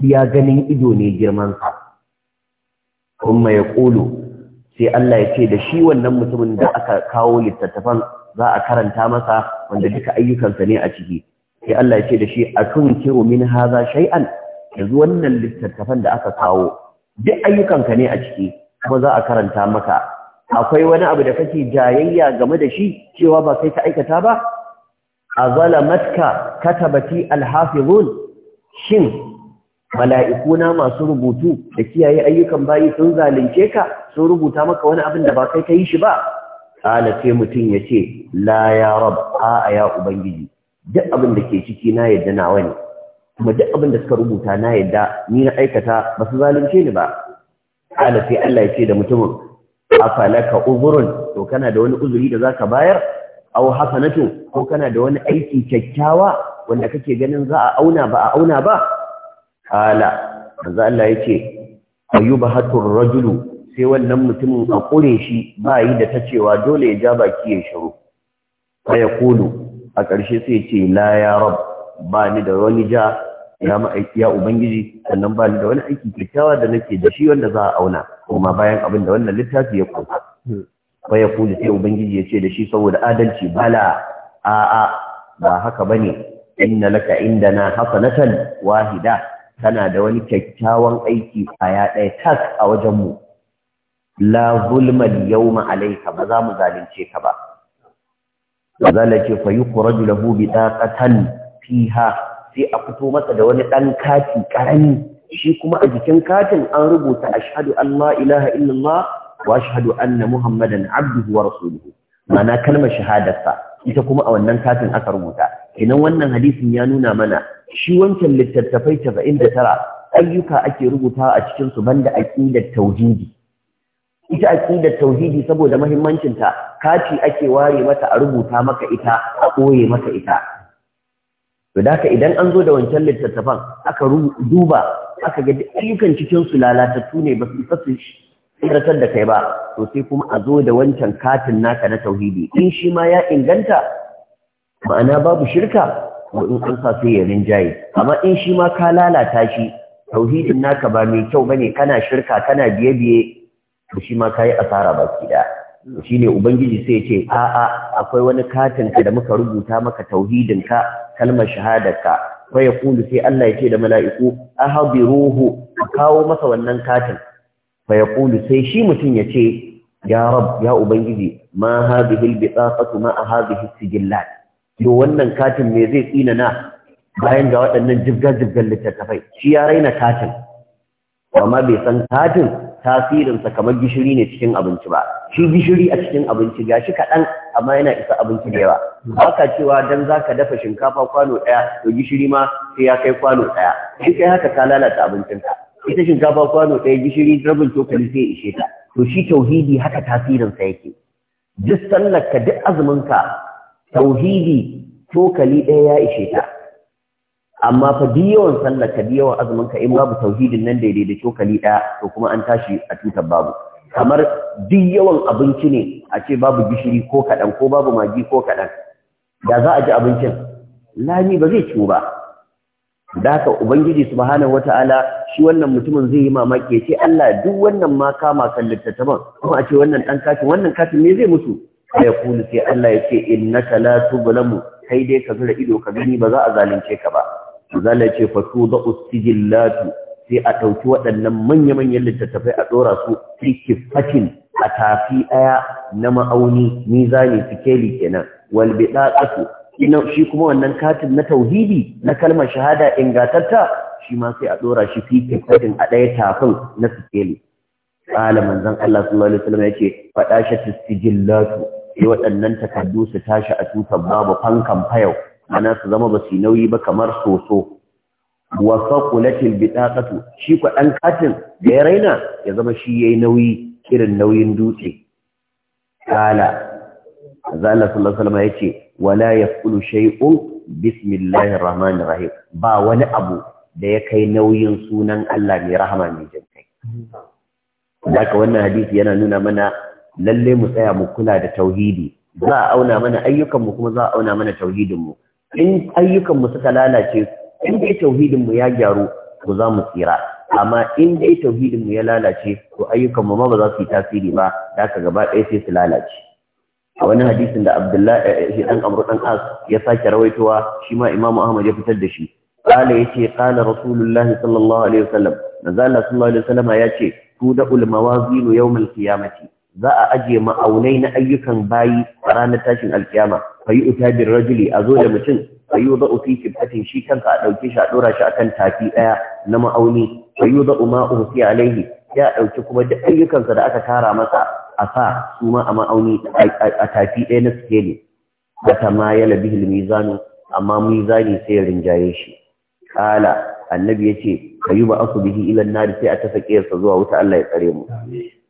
iya ganin ido ne girman sa kuma ya ƙulu sai Allah ya ce da shi wannan mutumin da aka kawo littattafan za a karanta masa wanda duka ayyukansa ne a ciki sai Allah ya ce da shi a tun kiro min haza shay'an yanzu wannan littattafan da aka kawo duk ayyukanka ne a ciki kuma za a karanta maka akwai wani abu da kake jayayya game da shi cewa ba kai ka aikata ba a zalamatka katabati alhafizun shin mala'ikuna masu rubutu da kiyaye ayyukan bayi sun zalunce ka sun rubuta maka wani abin da ba kai ka yi shi ba ƙala sai mutum ya ce la ya rab a ya ubangiji duk abin da ke ciki na yadda na wani. kuma duk abin da suka rubuta na yadda ni na aikata ba su zalunce ni ba ƙala sai Allah ya ce da mutumin afalaka uzurun to kana da wani uzuri da za ka bayar aw hasanatu ko kana da wani aiki kyakkyawa wanda kake ganin za a auna ba a auna ba kala manzo Allah yace ayyubahatu rajulu sai wannan mutumin a kure shi ba yi da ta cewa dole ya ja baki ya shiru fa Kulu a ƙarshe sai ya ce la ya rab ba ni da wani ja ya ma'aiki ya ubangiji sannan ba ni da wani aiki kyakkyawa da nake da shi wanda za a auna kuma bayan abin da wannan littafi ya kunsa fa Kulu sai ubangiji ya ce da shi saboda adalci bala a'a ba haka bane inna laka indana hasanatan wahida tana da wani kyakkyawan aiki kwaya ɗaya tas a wajenmu la zulmal yawma alayka ba za mu zalunce ka ba wazala ce fa bi daqatan fiha sai a fito masa da wani ɗan kati karami shi kuma a jikin katin an rubuta ashhadu an la ilaha illallah wa ashhadu anna muhammadan abduhu wa rasuluhu ma'ana kalmar shahadarsa ita kuma a wannan katin aka rubuta kenan wannan hadisin ya nuna mana shi wancan littattafai da tara, ayyuka ake rubuta a cikin su banda aqidar tauhidi ita aqidar tauhidi saboda muhimmancin ta kaci ake ware mata a rubuta maka ita a koye maka ita to haka idan an zo da wancan littattafan aka duba aka ga ayyukan cikin su lalatattu ne ba su isa su da kai ba to sai kuma a zo da wancan katin naka na tauhidi in shi ma ya inganta ma'ana babu shirka ko in an sa sai ya rinjaye amma in shi ma ka lalata shi tauhidin naka ba mai kyau bane kana shirka kana biye biye to shi ma kai asara ki da shine ubangiji sai ya ce a a akwai wani katin ka da muka rubuta maka tauhidin ka kalmar shahadarka fa yaqulu sai Allah ya ce da mala'iku ka kawo masa wannan katin fa yaqulu sai shi mutun ya ce ya rab ya ubangiji ma hadhihi al-bitaqatu ma hadhihi sijillat Yau wannan katin me zai tsina na bayan ga waɗannan jibgar jibgar littattafai shi ya raina katin amma bai san katin tasirinsa kamar gishiri ne cikin abinci ba shi gishiri a cikin abinci ga shi kaɗan amma yana isa abinci da yawa haka cewa don za ka dafa shinkafa kwano ɗaya to gishiri ma sai ya kai kwano ɗaya shi kai haka ka lalata abincinka ita shinkafa kwano ɗaya gishiri rabin cokali sai ishe ta to shi tauhidi haka tasirinsa yake duk ka duk azuminka tauhidi cokali ɗaya ya ishe ta amma fa duk yawan sallar ka yawan azumin ka in babu tauhidin nan daidai da cokali ɗaya to kuma an tashi a tutar babu kamar duk yawan abinci ne a ce babu gishiri ko kaɗan ko babu magi ko kaɗan da za a ji abincin lami ba zai ciwo ba da haka ubangiji subhanahu wata'ala shi wannan mutumin zai yi mamaki ya ce Allah duk wannan ma kama kan littattafan kuma a ce wannan ɗan kafin, wannan kafin ne zai mutu ya kulu sai Allah ya ce innaka la tublamu kai dai ka zura ido ka gani ba za a zalunce ka ba zalla ya ce fa tudau sijillatu sai a dauki waɗannan manya-manyan littattafai a dora su fi a tafi daya na ma'auni mizani sikeli kenan wal bidaqatu ina shi kuma wannan katin na tauhidi na kalmar shahada ingantatta shi ma sai a dora shi fi kifatin a daya tafin na sikeli قال من Allah الله صلى الله عليه وسلم يقول sai waɗannan takardu su tashi a tutar babu fankan fayau ana su zama ba su nauyi ba kamar soso wa saqulatil bitaqatu shi ko dan katin da ya raina ya zama shi yayi nauyi kirin nauyin dutse kala Allah sallallahu alaihi yace wala yaqulu shay'un bismillahir rahmanir rahim ba wani abu da ya kai nauyin sunan Allah mai rahama mai jinkai. Daka wannan hadisi yana nuna mana lalle mu tsaya mu kula da tauhidi za a auna mana ayyukanmu kuma za a auna mana tauhidin mu in ayyukanmu mu suka lalace in dai tauhidin mu ya gyaru to za mu tsira amma in dai tauhidin mu ya lalace to ayyukan mu ma ba za su yi tasiri ba da haka gaba ɗaya sai su lalace a wani hadisin da Abdullahi eh, eh, dan Amr dan As ya sake rawaitowa shi ma Imam Ahmad ya fitar da shi qala yace qala Rasulullahi sallallahu alaihi wasallam manzo Allah sallallahu alaihi wasallam yace tuda'ul mawazinu yawmal qiyamati za a aje ma'aunai na ayyukan bayi a ranar tashin alkiyama fa yi uta rajuli a zo da mutum fa yi za'u fi kibtatin shi kanka a ɗauke shi a ɗora shi akan tafi ɗaya na ma'auni fa yi za'u ma'uhu fi alaihi ya ɗauki kuma duk ayyukansa da aka tara masa a sa su ma a ma'auni a tafi ɗaya na sikeli da ta ma ya labi mizanu amma mizani sai ya rinjaye shi kala annabi ya ce ka yi ba aku bihi ilan nari sai a tafa ƙiyarsa zuwa wuta Allah ya tsare mu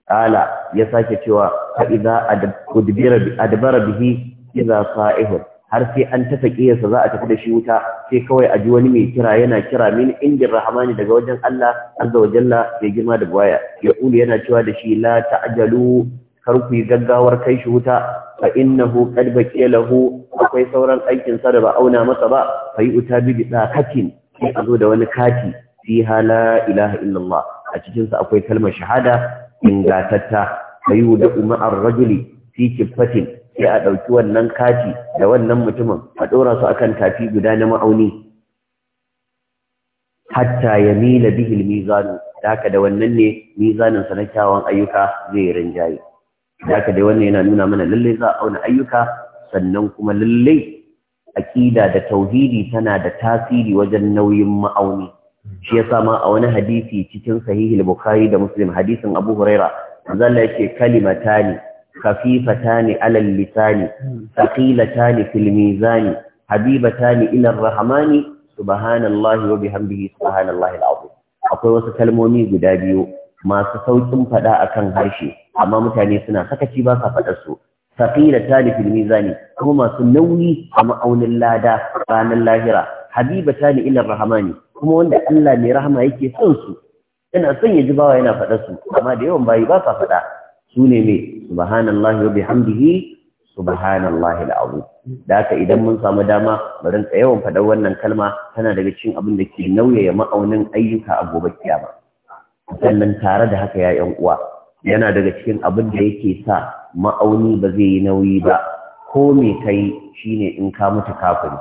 qala ya sake cewa fa idza adbara adbara bihi idza sa'ihun har sai an tafa yasa za a tafi da shi wuta sai kawai a ji wani mai kira yana kira min indin rahmani daga wajen Allah azza wa jalla mai girma da baya ya ulu yana cewa da shi la ta'jalu kar ku yi gaggawar kai shi wuta fa innahu qad baqiya lahu akwai sauran aikin sa da ba auna masa ba fa yi uta bi dakatin sai a zo da wani kati fiha la ilaha illallah a cikin sa akwai kalmar shahada ingatatta ayu da umar rajuli fi kifatin sai a ɗauki wannan kati da wannan mutumin a ɗora su akan tafi guda na ma'auni hatta ya mila bihil mizanu da da wannan ne mizanin sa na kyawun ayyuka zai rinjaye da wannan yana nuna mana lallai za a auna ayyuka sannan kuma lallai aƙida da tauhidi tana da tasiri wajen nauyin ma'auni shi ya sama a wani hadisi cikin sahihul bukhari da muslim hadisin abu huraira manzo Allah yake kalimatani khafifatani alal lisani thaqilatani fil mizani habibatani ila arrahmani subhanallahi wa bihamdihi subhanallahi alazim akwai wasu kalmomi guda biyu masu saukin fada akan harshe amma mutane suna sakaci ba sa fadar su thaqilatani fil mizani kuma masu nauyi a ma'aunin lada ranar lahira habibatani ila arrahmani kuma wanda Allah mai rahama yake son su yana son ya ji bawa yana faɗa su amma da yawan bayi ba sa faɗa su ne me subhanallahi wa bihamdihi subhanallahi al'azim da haka idan mun samu dama bari ka yawan faɗa wannan kalma tana daga cikin abin da ke nauyaya ma'aunin ayyuka a gobe kiyama sannan tare da haka ya yan uwa yana daga cikin abin da yake sa ma'auni ba zai yi nauyi ba ko me kai shine in ka mutu kafiri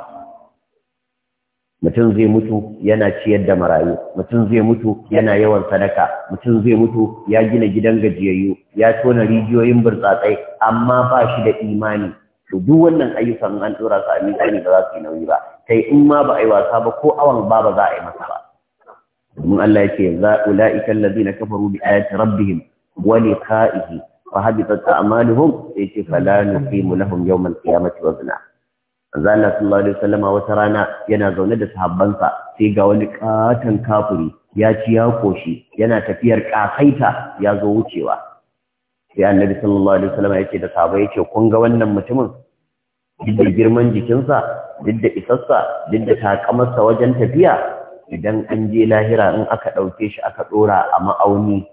mutum zai mutu yana ciyar da marayu mutum zai mutu yana yawan sadaka mutum zai mutu ya gina gidan gajiyayyu ya tona rijiyoyin burtsatsai amma ba shi da imani to duk wannan ayyukan an dora su a mizani ba za su yi nauyi ba kai in ma ba a yi wasa ba ko awan ba ba za a yi masa ba domin Allah ya ce za ulaika allazina kafaru bi ayati rabbihim wa liqa'ihi fa habitat a'maluhum yace fala nuqimu lahum yawmal qiyamati wazna manzo sallallahu alaihi wasallam wata rana yana zaune da sahabbansa sai ga wani katan kafuri ya ci ya koshi yana tafiyar kafaita ya zo wucewa sai annabi sallallahu alaihi wasallam yake da sahabbai yake kun ga wannan mutumin duk da girman jikinsa duk da isassa duk da takamarsa wajen tafiya idan an je lahira in aka ɗauke shi aka ɗora a ma'auni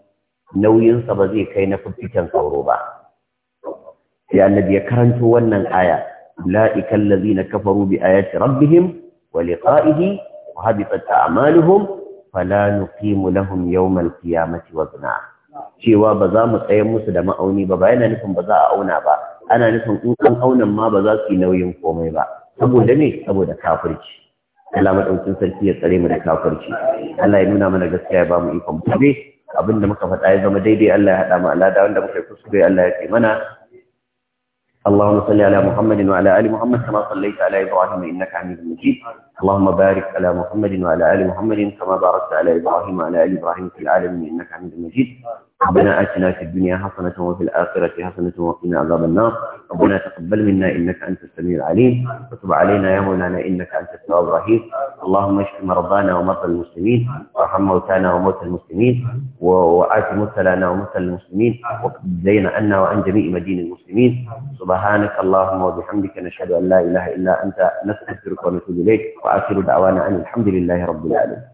nauyinsa ba zai kai na fiffiken sauro ba sai annabi ya karanto wannan aya أولئك الذين كفروا بآيات ربهم ولقائه وهبطت أعمالهم فلا نقيم لهم يوم القيامة وزنا cewa ba za mu tsayar musu da ma'auni ba ba yana nufin ba za a auna ba ana nufin in an aunan ma ba za su yi nauyin komai ba saboda ne saboda kafirci Allah madaukakin sarki ya tsare mu da kafirci Allah ya nuna mana gaskiya ya ba mu ikon gobe abinda muka faɗa ya zama daidai Allah ya haɗa mu alada da muka yi kuskure Allah ya kai mana اللهم صل على محمد وعلى ال محمد كما صليت على ابراهيم انك حميد مجيد اللهم بارك على محمد وعلى ال محمد كما باركت على ابراهيم وعلى ال ابراهيم في العالمين انك حميد مجيد ربنا آتنا في الدنيا حسنة وفي الآخرة حسنة وقنا عذاب النار ربنا تقبل منا إنك أنت السميع العليم وتب علينا يا مولانا إنك أنت التواب الرحيم اللهم اشف مرضانا ومرضى المسلمين وارحم موتانا وموتى المسلمين وآت مثلنا ومثل المسلمين وزين عنا وعن جميع مدين المسلمين سبحانك اللهم وبحمدك نشهد أن لا إله إلا أنت نستغفرك ونتوب إليك وآخر دعوانا أن الحمد لله رب العالمين